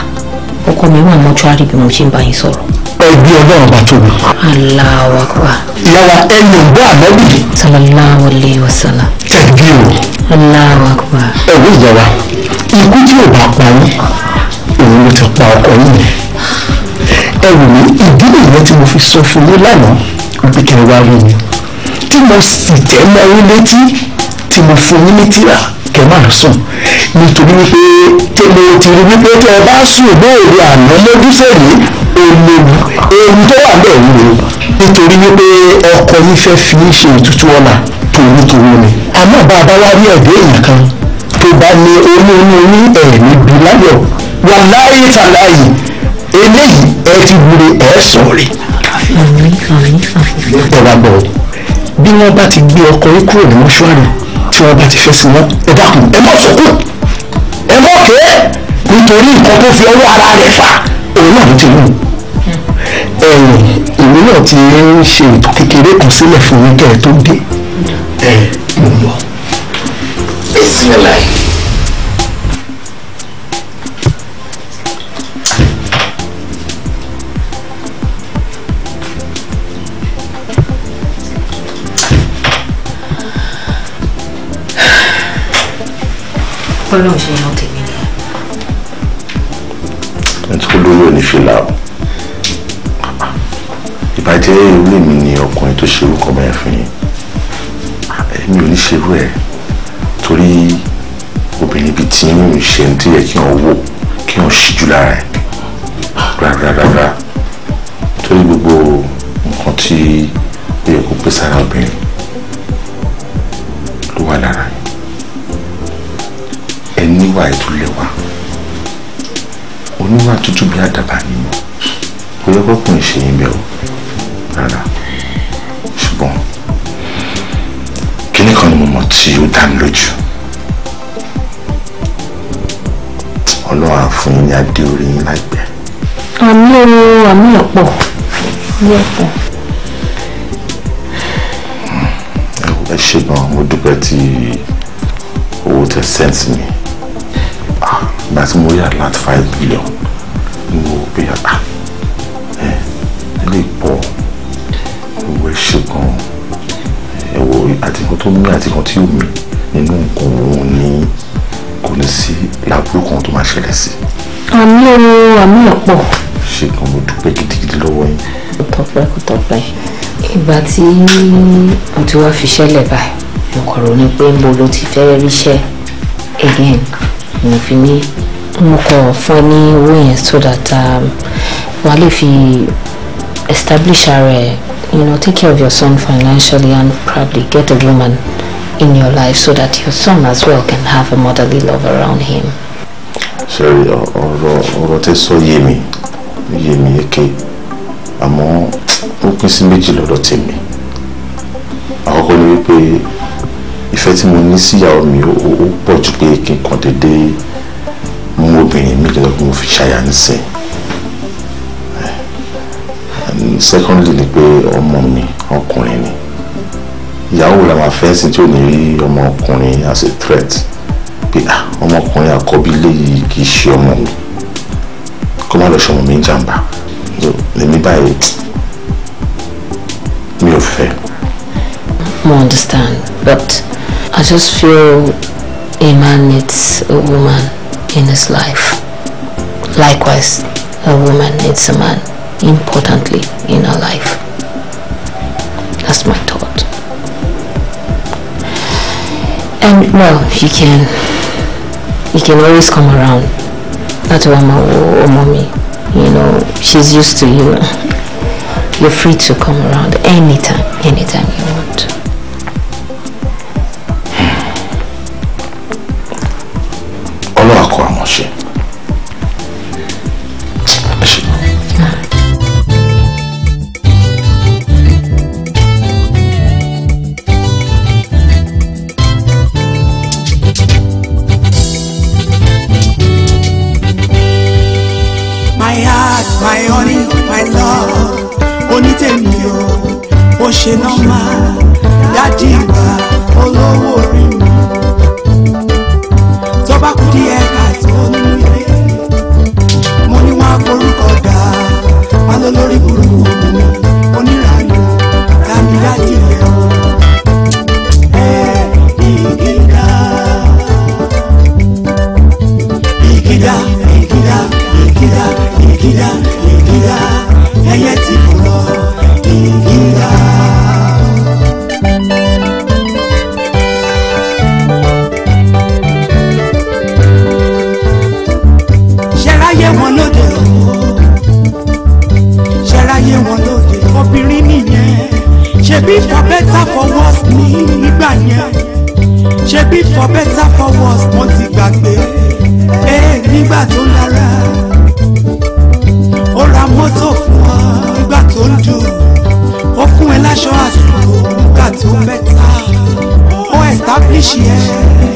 ọkọ mi wà mọ́ṣúárì bí mo ṣe ń bá yín sọ̀rọ̀ ẹgbẹ́ ọlọ́run bá tóbi. Allahu Akbar. ìyàwó ẹyìn bá ànábì. sallallahu alayhi wa sallam. tẹ̀gbí o. Allahu Akbar. ẹ̀wọ́ ìyàwó ikú tí ò bá pa yín òun ló ti pa ọkọ yín ẹ wò ní ìdílé yẹn tí mo fi sọ fún yín lánàá bí kẹ́ ẹ wá rí mi tí mo sì tẹ́ mọ́ yín létí tí mo fún yín ní tírà kẹ́ máa sùn nítorí wípé tẹ́lẹ̀ ti rí wípé tẹ́ ẹ bá sùn lóòrè àná lójúṣẹ́ yìí olóògùn ohun tó wà bẹ́ẹ̀ ni nítorí wípé ọkọ yìí fẹ́ fi í ṣe ìtútù ọ̀nà tòwútòwú ni àmọ́ bàbá wa rí ẹ̀dẹ́ èèyàn kan tó bá ní onínú ní ẹ̀mí wà láyé tà láyè eléyìí ẹ ti gbúre ẹ sùn rè. bí wọ́n bá ti gbé ọkọ yìí kúrò ní mọ́ṣúárì tí wọ́n bá ti fẹ́ sí ẹ dákun ẹ mọ̀ sọ́kùn ẹ mọ̀ kẹ́ nítorí nǹkan tó fi ọwọ́ ara rẹ̀ fà òun náà ló ti mú un náà ti ń ṣe ètò kékeré kan sílẹ̀ fún mi kẹ́ ẹ tó dé. ẹ mo lọ bisimilayi. Ọlọ́run ṣe yan tèmi ni. ẹ tún lóyún ní fìlà o ìbàjẹ́ irú èmi ni ọkùnrin tó ṣerú kọ́ bẹ́ẹ̀ fún yín èmi ò ní ṣerú ẹ̀ torí obìnrin bíi tí yín ṣe ń díẹ̀ kí wọ́n wò kí wọ́n ṣíjú lára ẹ̀ rárára torí gbogbo nǹkan tí ó yẹ kó pèsè ara obìnrin ló wà lára ẹ̀ oníwà ètò lẹ́wà oníwà tútù bí àdàbà nínú kò yẹ kọkùnrin ṣe yín bẹ́ẹ̀ o mo mọ̀ tí ó dá mi lójú ọlọ́run á fún yín ní adé orí yín láìpẹ́. àmì ooru àmì ọ̀pọ̀ ní ọ̀pọ̀. ẹ ṣe gan mo dúpẹ́ tí owó tẹ sẹ́ǹtì mi ah, ìgbà tí mo rí at five billion ni mo bí àgbà. tó mí àti kan tí ò mí nínú nǹkan òun ni kò ní sí làbúrò kan tó máa ṣẹlẹ̀ sí. àmì ooo àmì ọ̀pọ̀. ṣé kan mo dúpẹ́ gidigidi lọ́wọ́ yín. kò tọ́pẹ́ kò tọ́pẹ́ ìgbà tí mo ti wá fi ṣẹlẹ̀ báyìí mo kọ̀rọ̀ ní pé mo ló ti fẹ́ ríṣẹ́ again mo fi ní mo kọ̀ fún ẹ ní owó yẹn so that wàá um, lè fi establish ara ẹ you know, take care of your son financially and probably get a woman in your life so that your son as well can have a motherly love around him. Sherry, or ọ̀rọ̀ tẹ́ sọ Yemi? mi yé mi yéké àmọ́ ó pín sí méjì lọ́dọ̀ tèmi àkọ́kọ́ ni wípé ìfẹ́ tí mo ní síyàwó mi ó pọ̀ ju pé kí n kàn déédéé mú obìnrin mi lọ́dọ̀ mo fi ṣàyà nísìnyí secondly ni pé ọmọ mi ọkùnrin ni ìyàwó la máa fẹ́ sí tí ò ní rí ọmọ ọkùnrin as a threat pé ọmọkùnrin àkọ́bí léyìí kì í ṣe ọmọ mi kó má lọ ṣọmọ mi ń jàǹbá lèmi báyìí mi ò fẹ́. mo understand but I just feel a man needs a woman in his life likewise a woman needs a man. importantly in our life. That's my thought. And well, you can you can always come around. That's why my oh, mommy, you know, she's used to you. You're free to come around anytime, anytime for better for worse wọ́n ti gbàgbé ẹ nígbà tó lára ó ra mọ́tò fún ọ nígbà tó ń dùn ó fún ẹ láṣọ àsìkò nígbà tó mẹ́ta ó establish ẹ.